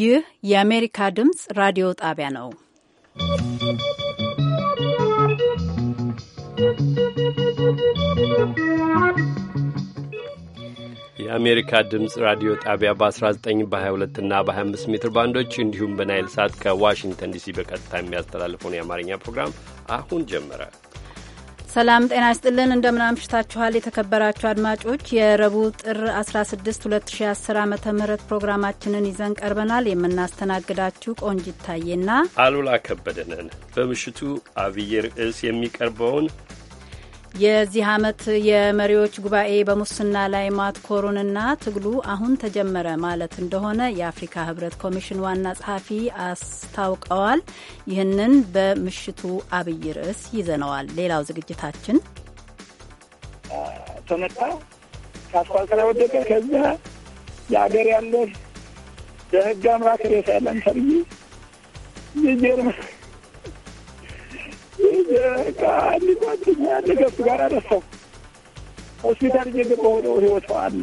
ይህ የአሜሪካ ድምፅ ራዲዮ ጣቢያ ነው። የአሜሪካ ድምፅ ራዲዮ ጣቢያ በ19 በ22 እና በ25 ሜትር ባንዶች እንዲሁም በናይል ሳት ከዋሽንግተን ዲሲ በቀጥታ የሚያስተላልፈውን የአማርኛ ፕሮግራም አሁን ጀመረ። ሰላም ጤና ይስጥልን። እንደምን አምሽታችኋል የተከበራችሁ አድማጮች። የረቡዕ ጥር 16 2010 ዓ ም ፕሮግራማችንን ይዘን ቀርበናል። የምናስተናግዳችሁ ቆንጅ ይታየና አሉላ ከበደ ነን። በምሽቱ አብይ ርዕስ የሚቀርበውን የዚህ ዓመት የመሪዎች ጉባኤ በሙስና ላይ ማትኮሩንና ትግሉ አሁን ተጀመረ ማለት እንደሆነ የአፍሪካ ሕብረት ኮሚሽን ዋና ጸሐፊ አስታውቀዋል። ይህንን በምሽቱ አብይ ርዕስ ይዘነዋል። ሌላው ዝግጅታችን ተመጣ ካስኳል ወደቀ። ከዚያ የአገር ያለ የህግ አምራክ ሬሳ ያለን ተብዬ ከአንድ ጓደኛ ያለ ገብ ጋር አነሳው ሆስፒታል እየገባ ሆነው ህይወት አለ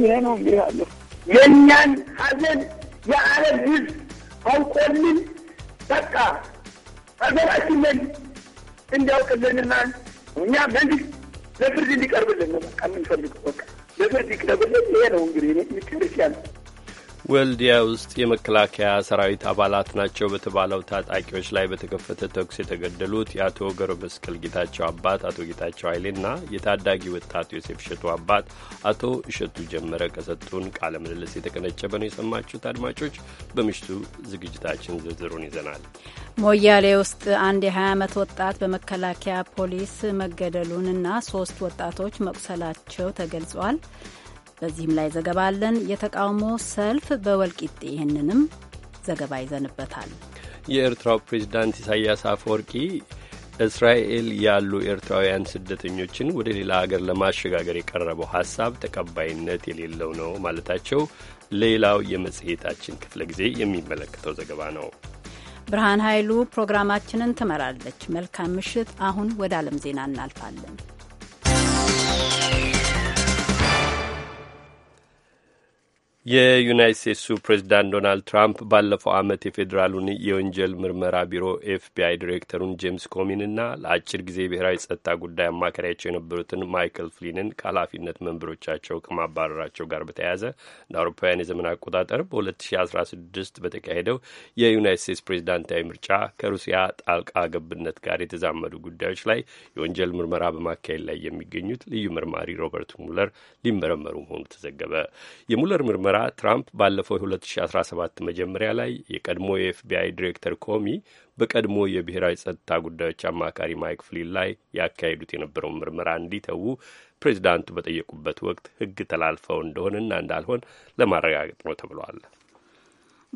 ይሄ ነው እንግዲህ አለሁ የእኛን ሀዘን የአረብ ህዝብ አውቆልን በቃ ሀገራችንን እንዲያውቅልንና እኛ መንግስት ለፍርድ እንዲቀርብልን ነው በቃ የምንፈልገው። በቃ ለፍርድ ይቅረብልን። ይሄ ነው እንግዲህ ክርስቲያን ወልዲያ ውስጥ የመከላከያ ሰራዊት አባላት ናቸው በተባለው ታጣቂዎች ላይ በተከፈተ ተኩስ የተገደሉት የአቶ ገብረ መስቀል ጌታቸው አባት አቶ ጌታቸው ኃይሌና የታዳጊ ወጣት ዮሴፍ እሸቱ አባት አቶ እሸቱ ጀመረ ከሰጡን ቃለ ምልልስ የተቀነጨበ ነው የሰማችሁት። አድማጮች፣ በምሽቱ ዝግጅታችን ዝርዝሩን ይዘናል። ሞያሌ ውስጥ አንድ የ20 ዓመት ወጣት በመከላከያ ፖሊስ መገደሉንና ሶስት ወጣቶች መቁሰላቸው ተገልጿል። በዚህም ላይ ዘገባ አለን። የተቃውሞ ሰልፍ በወልቂጤ ይህንንም ዘገባ ይዘንበታል። የኤርትራው ፕሬዚዳንት ኢሳያስ አፈወርቂ እስራኤል ያሉ ኤርትራውያን ስደተኞችን ወደ ሌላ አገር ለማሸጋገር የቀረበው ሀሳብ ተቀባይነት የሌለው ነው ማለታቸው ሌላው የመጽሔታችን ክፍለ ጊዜ የሚመለከተው ዘገባ ነው። ብርሃን ኃይሉ ፕሮግራማችንን ትመራለች። መልካም ምሽት። አሁን ወደ ዓለም ዜና እናልፋለን። የዩናይት ስቴትሱ ፕሬዚዳንት ዶናልድ ትራምፕ ባለፈው ዓመት የፌዴራሉን የወንጀል ምርመራ ቢሮ ኤፍቢአይ ዲሬክተሩን ጄምስ ኮሚንና ለአጭር ጊዜ ብሔራዊ ጸጥታ ጉዳይ አማካሪያቸው የነበሩትን ማይክል ፍሊንን ከኃላፊነት መንበሮቻቸው ከማባረራቸው ጋር በተያያዘ እንደ አውሮፓውያን የዘመን አቆጣጠር በ2016 በተካሄደው የዩናይት ስቴትስ ፕሬዚዳንታዊ ምርጫ ከሩሲያ ጣልቃ ገብነት ጋር የተዛመዱ ጉዳዮች ላይ የወንጀል ምርመራ በማካሄድ ላይ የሚገኙት ልዩ መርማሪ ሮበርት ሙለር ሊመረመሩ መሆኑ ተዘገበ። የሙለር ምርመራ ምርመራ ትራምፕ ባለፈው 2017 መጀመሪያ ላይ የቀድሞ የኤፍቢአይ ዲሬክተር ኮሚ በቀድሞ የብሔራዊ ጸጥታ ጉዳዮች አማካሪ ማይክ ፍሊን ላይ ያካሄዱት የነበረውን ምርመራ እንዲተዉ ፕሬዚዳንቱ በጠየቁበት ወቅት ሕግ ተላልፈው እንደሆነና እንዳልሆን ለማረጋገጥ ነው ተብሏል።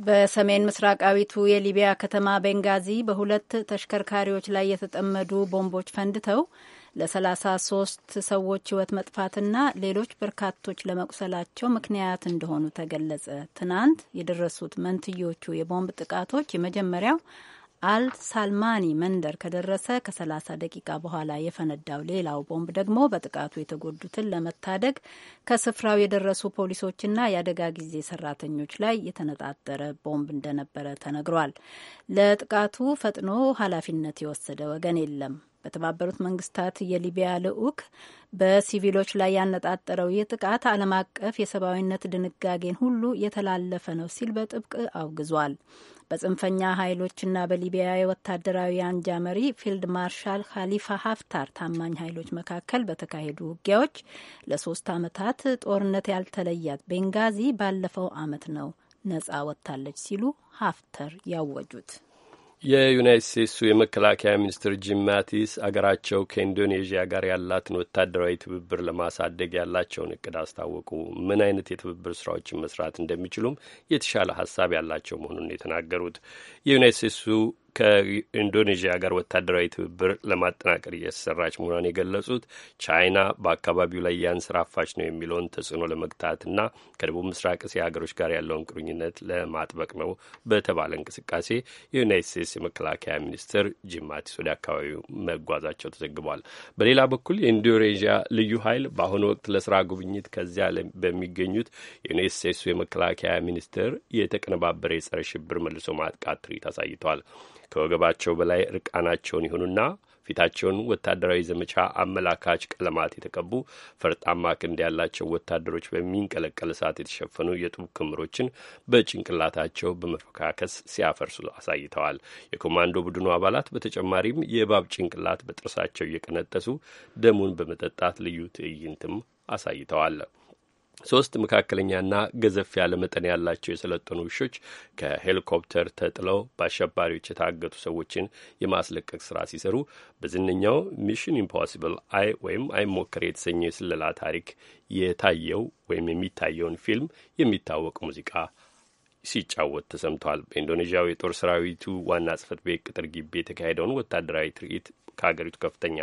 በሰሜን ምስራቃዊቱ የሊቢያ ከተማ ቤንጋዚ በሁለት ተሽከርካሪዎች ላይ የተጠመዱ ቦምቦች ፈንድተው ለ33 ሰዎች ሕይወት መጥፋትና ሌሎች በርካቶች ለመቁሰላቸው ምክንያት እንደሆኑ ተገለጸ። ትናንት የደረሱት መንትዮቹ የቦምብ ጥቃቶች የመጀመሪያው አልሳልማኒ መንደር ከደረሰ ከ30 ደቂቃ በኋላ የፈነዳው ሌላው ቦምብ ደግሞ በጥቃቱ የተጎዱትን ለመታደግ ከስፍራው የደረሱ ፖሊሶችና የአደጋ ጊዜ ሰራተኞች ላይ የተነጣጠረ ቦምብ እንደነበረ ተነግሯል። ለጥቃቱ ፈጥኖ ኃላፊነት የወሰደ ወገን የለም። በተባበሩት መንግስታት የሊቢያ ልዑክ በሲቪሎች ላይ ያነጣጠረው ይህ ጥቃት ዓለም አቀፍ የሰብአዊነት ድንጋጌን ሁሉ የተላለፈ ነው ሲል በጥብቅ አውግዟል። በጽንፈኛ ኃይሎችና በሊቢያ የወታደራዊ አንጃ መሪ ፊልድ ማርሻል ካሊፋ ሀፍታር ታማኝ ኃይሎች መካከል በተካሄዱ ውጊያዎች ለሶስት ዓመታት ጦርነት ያልተለያት ቤንጋዚ ባለፈው ዓመት ነው ነጻ ወጥታለች ሲሉ ሀፍተር ያወጁት የዩናይት ስቴትሱ የመከላከያ ሚኒስትር ጂም ማቲስ አገራቸው ከኢንዶኔዥያ ጋር ያላትን ወታደራዊ ትብብር ለማሳደግ ያላቸውን እቅድ አስታወቁ። ምን አይነት የትብብር ስራዎችን መስራት እንደሚችሉም የተሻለ ሀሳብ ያላቸው መሆኑን የተናገሩት የዩናይት ስቴትሱ ከኢንዶኔዥያ ጋር ወታደራዊ ትብብር ለማጠናቀር እየተሰራች መሆኗን የገለጹት ቻይና በአካባቢው ላይ ያንሰራፋች ነው የሚለውን ተጽዕኖ ለመግታትና ከደቡብ ምስራቅ እስያ ሀገሮች ጋር ያለውን ቁርኝነት ለማጥበቅ ነው በተባለ እንቅስቃሴ የዩናይት ስቴትስ የመከላከያ ሚኒስትር ጂም ማቲስ ወደ አካባቢው መጓዛቸው ተዘግቧል። በሌላ በኩል የኢንዶኔዥያ ልዩ ኃይል በአሁኑ ወቅት ለስራ ጉብኝት ከዚያ በሚገኙት የዩናይት ስቴትሱ የመከላከያ ሚኒስትር የተቀነባበረ የጸረ ሽብር መልሶ ማጥቃት ትርኢት አሳይቷል። ከወገባቸው በላይ እርቃናቸውን ይሁኑና ፊታቸውን ወታደራዊ ዘመቻ አመላካች ቀለማት የተቀቡ ፈርጣማ ክንድ ያላቸው ወታደሮች በሚንቀለቀል እሳት የተሸፈኑ የጡብ ክምሮችን በጭንቅላታቸው በመፈካከስ ሲያፈርሱ አሳይተዋል። የኮማንዶ ቡድኑ አባላት በተጨማሪም የእባብ ጭንቅላት በጥርሳቸው እየቀነጠሱ ደሙን በመጠጣት ልዩ ትዕይንትም አሳይተዋል። ሶስት መካከለኛና ገዘፍ ያለ መጠን ያላቸው የሰለጠኑ ውሾች ከሄሊኮፕተር ተጥለው በአሸባሪዎች የታገቱ ሰዎችን የማስለቀቅ ስራ ሲሰሩ በዝነኛው ሚሽን ኢምፖሲብል አይ ወይም አይሞከር የተሰኘው የስለላ ታሪክ የታየው ወይም የሚታየውን ፊልም የሚታወቅ ሙዚቃ ሲጫወት ተሰምቷል። በኢንዶኔዥያው የጦር ሰራዊቱ ዋና ጽህፈት ቤት ቅጥር ግቢ የተካሄደውን ወታደራዊ ትርኢት ከሀገሪቱ ከፍተኛ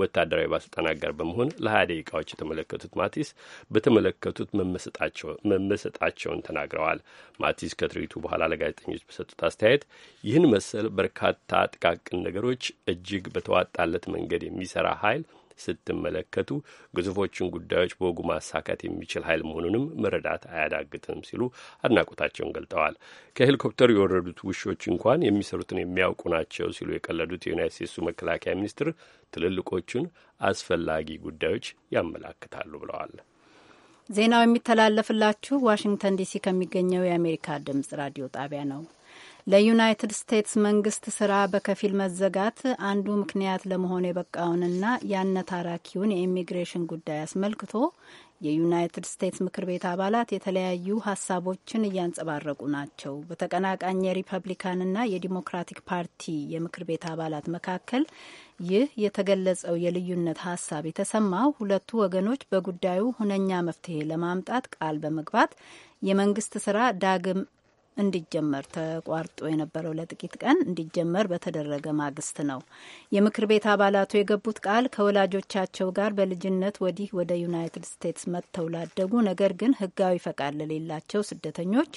ወታደራዊ ባለስልጣናት ጋር በመሆን ለሀያ ደቂቃዎች የተመለከቱት ማቲስ በተመለከቱት መመሰጣቸውን ተናግረዋል። ማቲስ ከትርኢቱ በኋላ ለጋዜጠኞች በሰጡት አስተያየት ይህን መሰል በርካታ ጥቃቅን ነገሮች እጅግ በተዋጣለት መንገድ የሚሰራ ኃይል ስትመለከቱ ግዙፎቹን ጉዳዮች በወጉ ማሳካት የሚችል ኃይል መሆኑንም መረዳት አያዳግትም ሲሉ አድናቆታቸውን ገልጠዋል። ከሄሊኮፕተሩ የወረዱት ውሾች እንኳን የሚሰሩትን የሚያውቁ ናቸው ሲሉ የቀለዱት የዩናይት ስቴትሱ መከላከያ ሚኒስትር ትልልቆቹን አስፈላጊ ጉዳዮች ያመላክታሉ ብለዋል። ዜናው የሚተላለፍላችሁ ዋሽንግተን ዲሲ ከሚገኘው የአሜሪካ ድምጽ ራዲዮ ጣቢያ ነው። ለዩናይትድ ስቴትስ መንግስት ስራ በከፊል መዘጋት አንዱ ምክንያት ለመሆን የበቃውንና የአነታራኪውን የኢሚግሬሽን ጉዳይ አስመልክቶ የዩናይትድ ስቴትስ ምክር ቤት አባላት የተለያዩ ሀሳቦችን እያንጸባረቁ ናቸው። በተቀናቃኝ የሪፐብሊካንና የዲሞክራቲክ ፓርቲ የምክር ቤት አባላት መካከል ይህ የተገለጸው የልዩነት ሀሳብ የተሰማው ሁለቱ ወገኖች በጉዳዩ ሁነኛ መፍትሄ ለማምጣት ቃል በመግባት የመንግስት ስራ ዳግም እንዲጀመር ተቋርጦ የነበረው ለጥቂት ቀን እንዲጀመር በተደረገ ማግስት ነው። የምክር ቤት አባላቱ የገቡት ቃል ከወላጆቻቸው ጋር በልጅነት ወዲህ ወደ ዩናይትድ ስቴትስ መጥተው ላደጉ ነገር ግን ሕጋዊ ፈቃድ ለሌላቸው ስደተኞች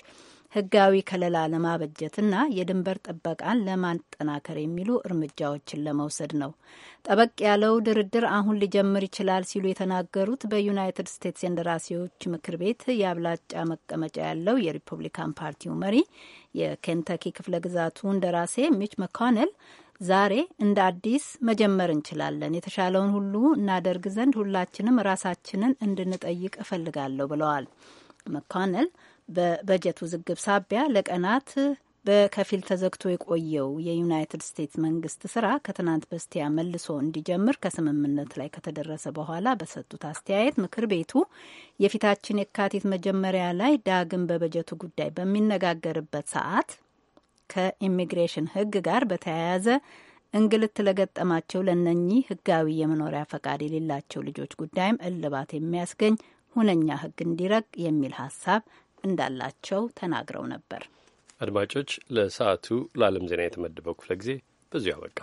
ህጋዊ ከለላ ለማበጀትና የድንበር ጥበቃን ለማጠናከር የሚሉ እርምጃዎችን ለመውሰድ ነው። ጠበቅ ያለው ድርድር አሁን ሊጀምር ይችላል ሲሉ የተናገሩት በዩናይትድ ስቴትስ የእንደራሴዎች ምክር ቤት የአብላጫ መቀመጫ ያለው የሪፐብሊካን ፓርቲው መሪ የኬንተኪ ክፍለ ግዛቱ እንደራሴ ሚች መኮነል ዛሬ እንደ አዲስ መጀመር እንችላለን። የተሻለውን ሁሉ እናደርግ ዘንድ ሁላችንም ራሳችንን እንድንጠይቅ እፈልጋለሁ ብለዋል። መኮነል በበጀት ውዝግብ ሳቢያ ለቀናት በከፊል ተዘግቶ የቆየው የዩናይትድ ስቴትስ መንግስት ስራ ከትናንት በስቲያ መልሶ እንዲጀምር ከስምምነት ላይ ከተደረሰ በኋላ በሰጡት አስተያየት ምክር ቤቱ የፊታችን የካቲት መጀመሪያ ላይ ዳግም በበጀቱ ጉዳይ በሚነጋገርበት ሰዓት ከኢሚግሬሽን ሕግ ጋር በተያያዘ እንግልት ለገጠማቸው ለነኚህ ህጋዊ የመኖሪያ ፈቃድ የሌላቸው ልጆች ጉዳይም እልባት የሚያስገኝ ሁነኛ ሕግ እንዲረቅ የሚል ሀሳብ እንዳላቸው ተናግረው ነበር። አድማጮች፣ ለሰዓቱ ለዓለም ዜና የተመደበው ክፍለ ጊዜ በዚሁ አበቃ።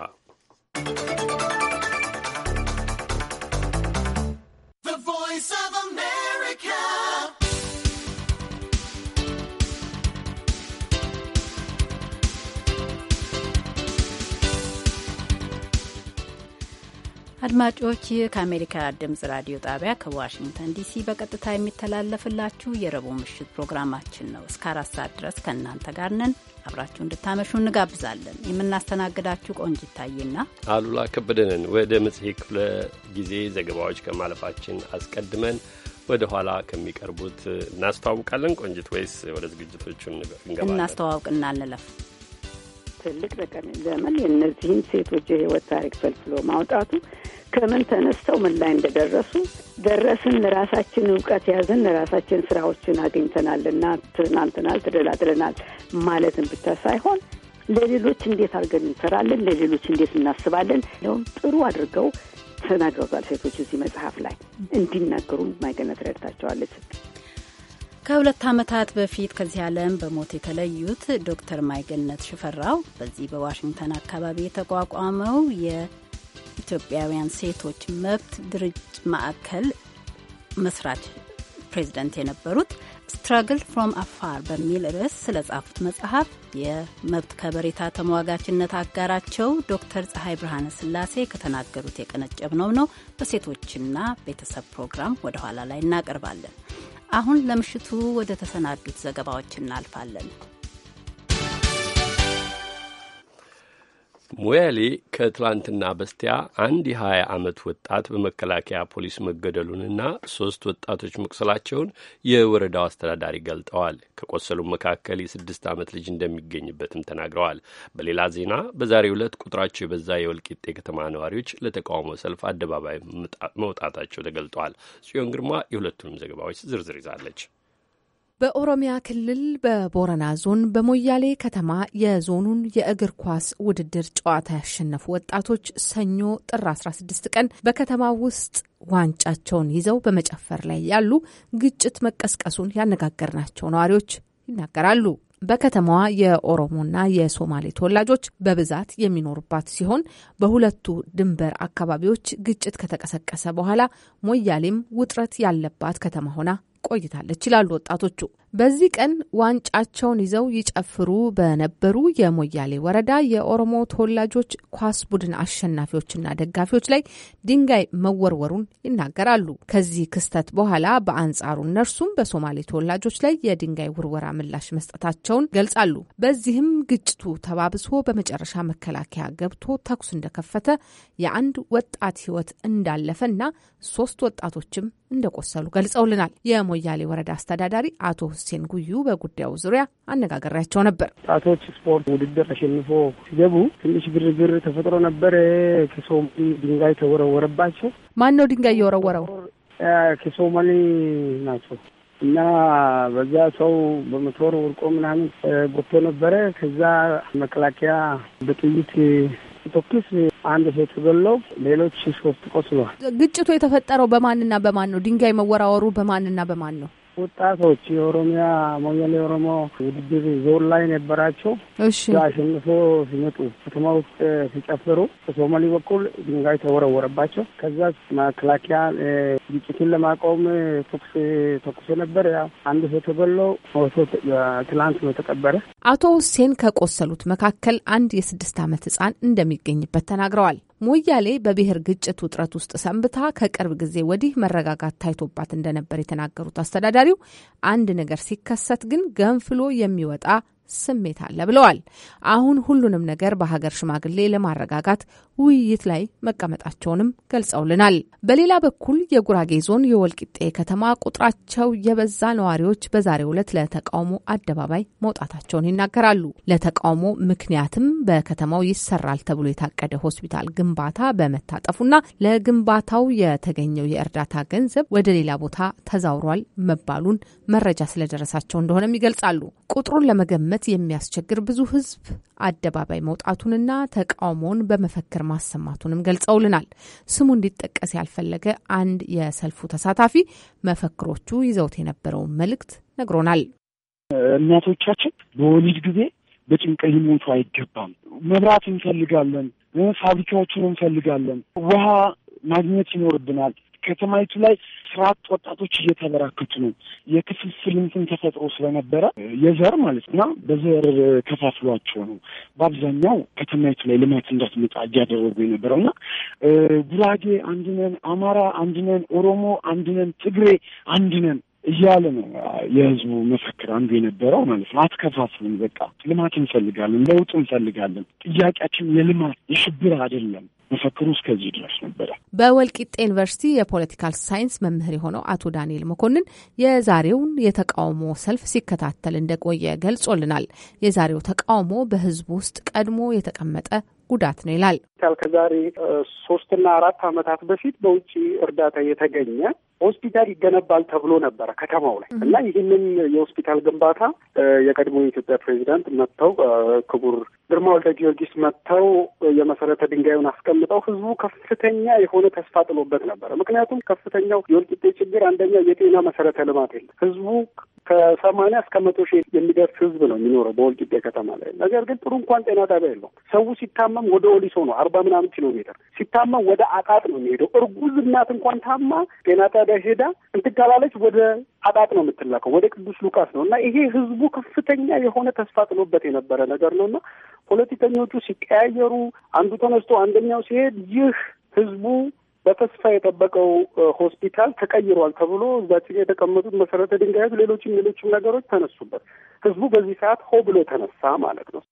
አድማጮች ይህ ከአሜሪካ ድምጽ ራዲዮ ጣቢያ ከዋሽንግተን ዲሲ በቀጥታ የሚተላለፍላችሁ የረቡዕ ምሽት ፕሮግራማችን ነው። እስከ አራት ሰዓት ድረስ ከእናንተ ጋር ነን። አብራችሁ እንድታመሹ እንጋብዛለን። የምናስተናግዳችሁ ቆንጅ ይታይና አሉላ ከበደንን። ወደ መጽሔት ክፍለ ጊዜ ዘገባዎች ከማለፋችን አስቀድመን ወደ ኋላ ከሚቀርቡት እናስተዋውቃለን። ቆንጅት፣ ወይስ ወደ ዝግጅቶቹ እናስተዋውቅና እንለፍ? ትልቅ ጠቀሜ ለምን የእነዚህን ሴቶች የህይወት ታሪክ ፈልፍሎ ማውጣቱ ከምን ተነስተው ምን ላይ እንደደረሱ ደረስን፣ ራሳችን እውቀት ያዝን፣ ራሳችን ስራዎችን አግኝተናል እና ትናንትናል፣ ተደላድለናል ማለትን ብቻ ሳይሆን ለሌሎች እንዴት አድርገን እንሰራለን፣ ለሌሎች እንዴት እናስባለን እንደውም ጥሩ አድርገው ተናግረውታል ሴቶች እዚህ መጽሐፍ ላይ እንዲናገሩ ማይገነት ረድታቸዋለች። ከሁለት ዓመታት በፊት ከዚህ ዓለም በሞት የተለዩት ዶክተር ማይገነት ሽፈራው በዚህ በዋሽንግተን አካባቢ የተቋቋመው የኢትዮጵያውያን ሴቶች መብት ድርጅ ማዕከል መስራች ፕሬዚደንት የነበሩት ስትራግል ፍሮም አፋር በሚል ርዕስ ጻፉት መጽሐፍ የመብት ከበሬታ ተሟጋችነት አጋራቸው ዶክተር ፀሐይ ብርሃነ ስላሴ ከተናገሩት የቀነጨብነው ነው። በሴቶችና ቤተሰብ ፕሮግራም ወደ ኋላ ላይ እናቀርባለን። አሁን ለምሽቱ ወደ ተሰናዱት ዘገባዎች እናልፋለን። ሞያሌ ከትላንትና በስቲያ አንድ የ20 ዓመት ወጣት በመከላከያ ፖሊስ መገደሉንና ሶስት ወጣቶች መቁሰላቸውን የወረዳው አስተዳዳሪ ገልጠዋል። ከቆሰሉም መካከል የስድስት ዓመት ልጅ እንደሚገኝበትም ተናግረዋል። በሌላ ዜና በዛሬው ዕለት ቁጥራቸው የበዛ የወልቂጤ ከተማ ነዋሪዎች ለተቃውሞ ሰልፍ አደባባይ መውጣታቸው ተገልጠዋል። ጽዮን ግርማ የሁለቱንም ዘገባዎች ዝርዝር ይዛለች። በኦሮሚያ ክልል በቦረና ዞን በሞያሌ ከተማ የዞኑን የእግር ኳስ ውድድር ጨዋታ ያሸነፉ ወጣቶች ሰኞ ጥር 16 ቀን በከተማ ውስጥ ዋንጫቸውን ይዘው በመጨፈር ላይ ያሉ ግጭት መቀስቀሱን ያነጋገርናቸው ነዋሪዎች ይናገራሉ። በከተማዋ የኦሮሞና የሶማሌ ተወላጆች በብዛት የሚኖሩባት ሲሆን በሁለቱ ድንበር አካባቢዎች ግጭት ከተቀሰቀሰ በኋላ ሞያሌም ውጥረት ያለባት ከተማ ሆና ቆይታለች ይላሉ ወጣቶቹ። በዚህ ቀን ዋንጫቸውን ይዘው ይጨፍሩ በነበሩ የሞያሌ ወረዳ የኦሮሞ ተወላጆች ኳስ ቡድን አሸናፊዎችና ደጋፊዎች ላይ ድንጋይ መወርወሩን ይናገራሉ። ከዚህ ክስተት በኋላ በአንጻሩ እነርሱም በሶማሌ ተወላጆች ላይ የድንጋይ ውርወራ ምላሽ መስጠታቸውን ገልጻሉ። በዚህም ግጭቱ ተባብሶ በመጨረሻ መከላከያ ገብቶ ተኩስ እንደከፈተ የአንድ ወጣት ሕይወት እንዳለፈና ሶስት ወጣቶችም እንደቆሰሉ ገልጸውልናል። የሞያሌ ወረዳ አስተዳዳሪ አቶ ሁሴን ጉዩ በጉዳዩ ዙሪያ አነጋገሪያቸው ነበር። ጣቶች ስፖርት ውድድር አሸንፎ ሲገቡ ትንሽ ግርግር ተፈጥሮ ነበር። ከሰው ድንጋይ ተወረወረባቸው። ማን ነው ድንጋይ እየወረወረው? ከሶማሌ ናቸው እና በዛ ሰው በሞተር ወርቆ ምናምን ጎቶ ነበረ። ከዛ መከላከያ በጥይት ቶክስ አንድ ሰው ተገሎ ሌሎች ሶስት ቆስሏል። ግጭቱ የተፈጠረው በማንና በማን ነው? ድንጋይ መወራወሩ በማንና በማን ነው? ወጣቶች የኦሮሚያ ሞያሌ ኦሮሞ ውድድር ዞን ላይ ነበራቸው። እሺ አሸንፎ ሲመጡ ከተማ ውስጥ ሲጨፍሩ በሶማሌ በኩል ድንጋይ ተወረወረባቸው። ከዛ መከላከያ ግጭቱን ለማቆም ተኩስ ተኩሶ ነበር። ያ አንድ ሰው ተበሎ ትላንት ነው ተቀበረ። አቶ ሁሴን ከቆሰሉት መካከል አንድ የስድስት ዓመት ህጻን እንደሚገኝበት ተናግረዋል። ሞያሌ በብሔር ግጭት ውጥረት ውስጥ ሰንብታ ከቅርብ ጊዜ ወዲህ መረጋጋት ታይቶባት እንደነበር የተናገሩት አስተዳዳሪው አንድ ነገር ሲከሰት ግን ገንፍሎ የሚወጣ ስሜት አለ ብለዋል። አሁን ሁሉንም ነገር በሀገር ሽማግሌ ለማረጋጋት ውይይት ላይ መቀመጣቸውንም ገልጸውልናል። በሌላ በኩል የጉራጌ ዞን የወልቂጤ ከተማ ቁጥራቸው የበዛ ነዋሪዎች በዛሬው ዕለት ለተቃውሞ አደባባይ መውጣታቸውን ይናገራሉ። ለተቃውሞ ምክንያትም በከተማው ይሰራል ተብሎ የታቀደ ሆስፒታል ግንባታ በመታጠፉና ለግንባታው የተገኘው የእርዳታ ገንዘብ ወደ ሌላ ቦታ ተዛውሯል መባሉን መረጃ ስለደረሳቸው እንደሆነም ይገልጻሉ። ቁጥሩን ለመገመት ለመረዳት የሚያስቸግር ብዙ ህዝብ አደባባይ መውጣቱንና ተቃውሞውን በመፈክር ማሰማቱንም ገልጸውልናል። ስሙ እንዲጠቀስ ያልፈለገ አንድ የሰልፉ ተሳታፊ መፈክሮቹ ይዘውት የነበረውን መልእክት ነግሮናል። እናቶቻችን በወሊድ ጊዜ በጭንቅ ሊሞቱ አይገባም። መብራት እንፈልጋለን፣ ፋብሪካዎችን እንፈልጋለን፣ ውሃ ማግኘት ይኖርብናል። ከተማይቱ ላይ ስራ ወጣቶች እየተበራከቱ ነው። የክፍል ስልምትን ተፈጥሮ ስለነበረ የዘር ማለት እና በዘር ከፋፍሏቸው ነው በአብዛኛው ከተማይቱ ላይ ልማት እንዳትመጣ እያደረጉ የነበረው እና ጉራጌ አንድነን፣ አማራ አንድነን፣ ኦሮሞ አንድነን፣ ትግሬ አንድነን እያለ ነው የህዝቡ መፈክር አንዱ የነበረው ማለት ነው። አትከፋፍልን፣ በቃ ልማት እንፈልጋለን፣ ለውጥ እንፈልጋለን። ጥያቄያችን የልማት የሽብር አይደለም መፈክሩ እስከዚህ ድረስ ነበረ። በወልቂጤ ዩኒቨርሲቲ የፖለቲካል ሳይንስ መምህር የሆነው አቶ ዳንኤል መኮንን የዛሬውን የተቃውሞ ሰልፍ ሲከታተል እንደቆየ ገልጾልናል። የዛሬው ተቃውሞ በህዝቡ ውስጥ ቀድሞ የተቀመጠ ጉዳት ነው ይላል። ከዛሬ ሶስትና አራት ዓመታት በፊት በውጭ እርዳታ የተገኘ ሆስፒታል ይገነባል ተብሎ ነበረ ከተማው ላይ እና ይህንን የሆስፒታል ግንባታ የቀድሞ የኢትዮጵያ ፕሬዚዳንት መጥተው ክቡር ግርማ ወልደ ጊዮርጊስ መጥተው የመሰረተ ድንጋዩን አስቀምጠው ህዝቡ ከፍተኛ የሆነ ተስፋ ጥሎበት ነበረ። ምክንያቱም ከፍተኛው የወልቂጤ ችግር አንደኛ የጤና መሰረተ ልማት የለም። ህዝቡ ከሰማንያ እስከ መቶ ሺህ የሚደርስ ህዝብ ነው የሚኖረው በወልቂጤ ከተማ ላይ። ነገር ግን ጥሩ እንኳን ጤና ጣቢያ የለውም። ሰው ሲታመም ወደ ኦሊሶ ነው አርባ ምናምን ኪሎ ሜትር ሲታመም ወደ አጣጥ ነው የሚሄደው። እርጉዝ እናት እንኳን ታማ ጤና ጣቢያ ወደ ሄዳ እንትጋላለች ወደ አጣጥ ነው የምትላከው ወደ ቅዱስ ሉቃስ ነው እና ይሄ ህዝቡ ከፍተኛ የሆነ ተስፋ ጥሎበት የነበረ ነገር ነው እና ፖለቲከኞቹ ሲቀያየሩ አንዱ ተነስቶ አንደኛው ሲሄድ ይህ ህዝቡ በተስፋ የጠበቀው ሆስፒታል ተቀይሯል ተብሎ እዛችን የተቀመጡት መሰረተ ድንጋዮች፣ ሌሎችም ሌሎችም ነገሮች ተነሱበት። ህዝቡ በዚህ ሰዓት ሆ ብሎ ተነሳ ማለት ነው።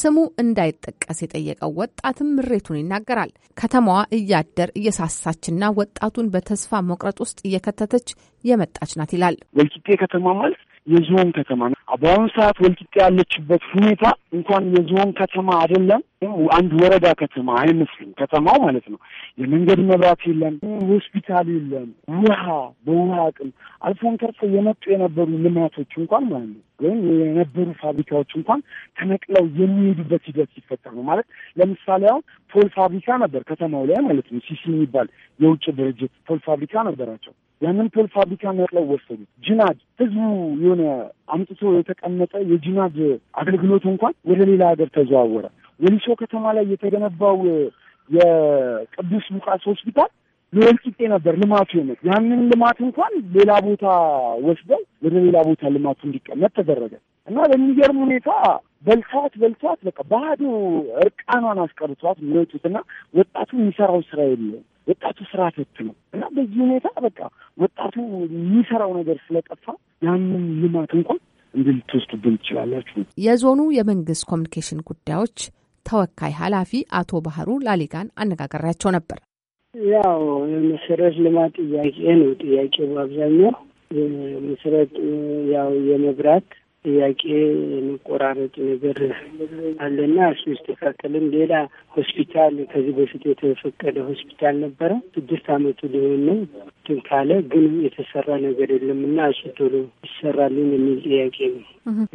ስሙ እንዳይጠቀስ የጠየቀው ወጣትም ምሬቱን ይናገራል። ከተማዋ እያደር እየሳሳችና ወጣቱን በተስፋ መቁረጥ ውስጥ እየከተተች የመጣች ናት ይላል። ወልቂጤ ከተማ ማለት የዞን ከተማ ነው። በአሁኑ ሰዓት ወልቂጤ ያለችበት ሁኔታ እንኳን የዞን ከተማ አይደለም፣ አንድ ወረዳ ከተማ አይመስልም ከተማው ማለት ነው። የመንገድ መብራት የለም፣ ሆስፒታል የለም፣ ውሃ በውሃ አቅም አልፎን ተርፎ የመጡ የነበሩ ልማቶች እንኳን ማለት ነው ወይም የነበሩ ፋብሪካዎች እንኳን ተነቅለው የሚሄዱበት ሂደት ሲፈጠር ነው ማለት ለምሳሌ አሁን ፖል ፋብሪካ ነበር ከተማው ላይ ማለት ነው። ሲሲ የሚባል የውጭ ድርጅት ፖል ፋብሪካ ነበራቸው። ያንን ፖል ፋብሪካ ነቅለው ወሰዱት። ጅናድ ህዝቡ የሆነ አምጥቶ የተቀመጠ የጅናድ አገልግሎት እንኳን ወደ ሌላ ሀገር ተዘዋወረ። ወሊሶ ከተማ ላይ የተገነባው የቅዱስ ሉቃስ ሆስፒታል ለወልቂጤ ነበር ልማቱ የሆነ ያንን ልማት እንኳን ሌላ ቦታ ወስደው ወደ ሌላ ቦታ ልማቱ እንዲቀመጥ ተደረገ እና በሚገርም ሁኔታ በልቷት በልቷት በቃ ባዶ እርቃኗን አስቀርቷት ሚወጡትና ወጣቱ የሚሰራው ስራ የለውም። ወጣቱ ስራ ወጥ ነው እና በዚህ ሁኔታ በቃ ወጣቱ የሚሰራው ነገር ስለጠፋ ያንን ልማት እንኳን እንዲህ ልትወስዱብን ትችላላችሁ። የዞኑ የመንግስት ኮሚኒኬሽን ጉዳዮች ተወካይ ኃላፊ አቶ ባህሩ ላሊጋን አነጋገሪያቸው ነበር። ያው የመሰረት ልማት ጥያቄ ነው። ጥያቄ በአብዛኛው መሰረት ያው የመብራት ጥያቄ የመቆራረጥ ነገር አለና እሱ ይስተካከልም። ሌላ ሆስፒታል ከዚህ በፊት የተፈቀደ ሆስፒታል ነበረ። ስድስት አመቱ ሊሆን ነው እንትን ካለ ግን የተሰራ ነገር የለም እና እሱ ቶሎ ይሰራልን የሚል ጥያቄ ነው።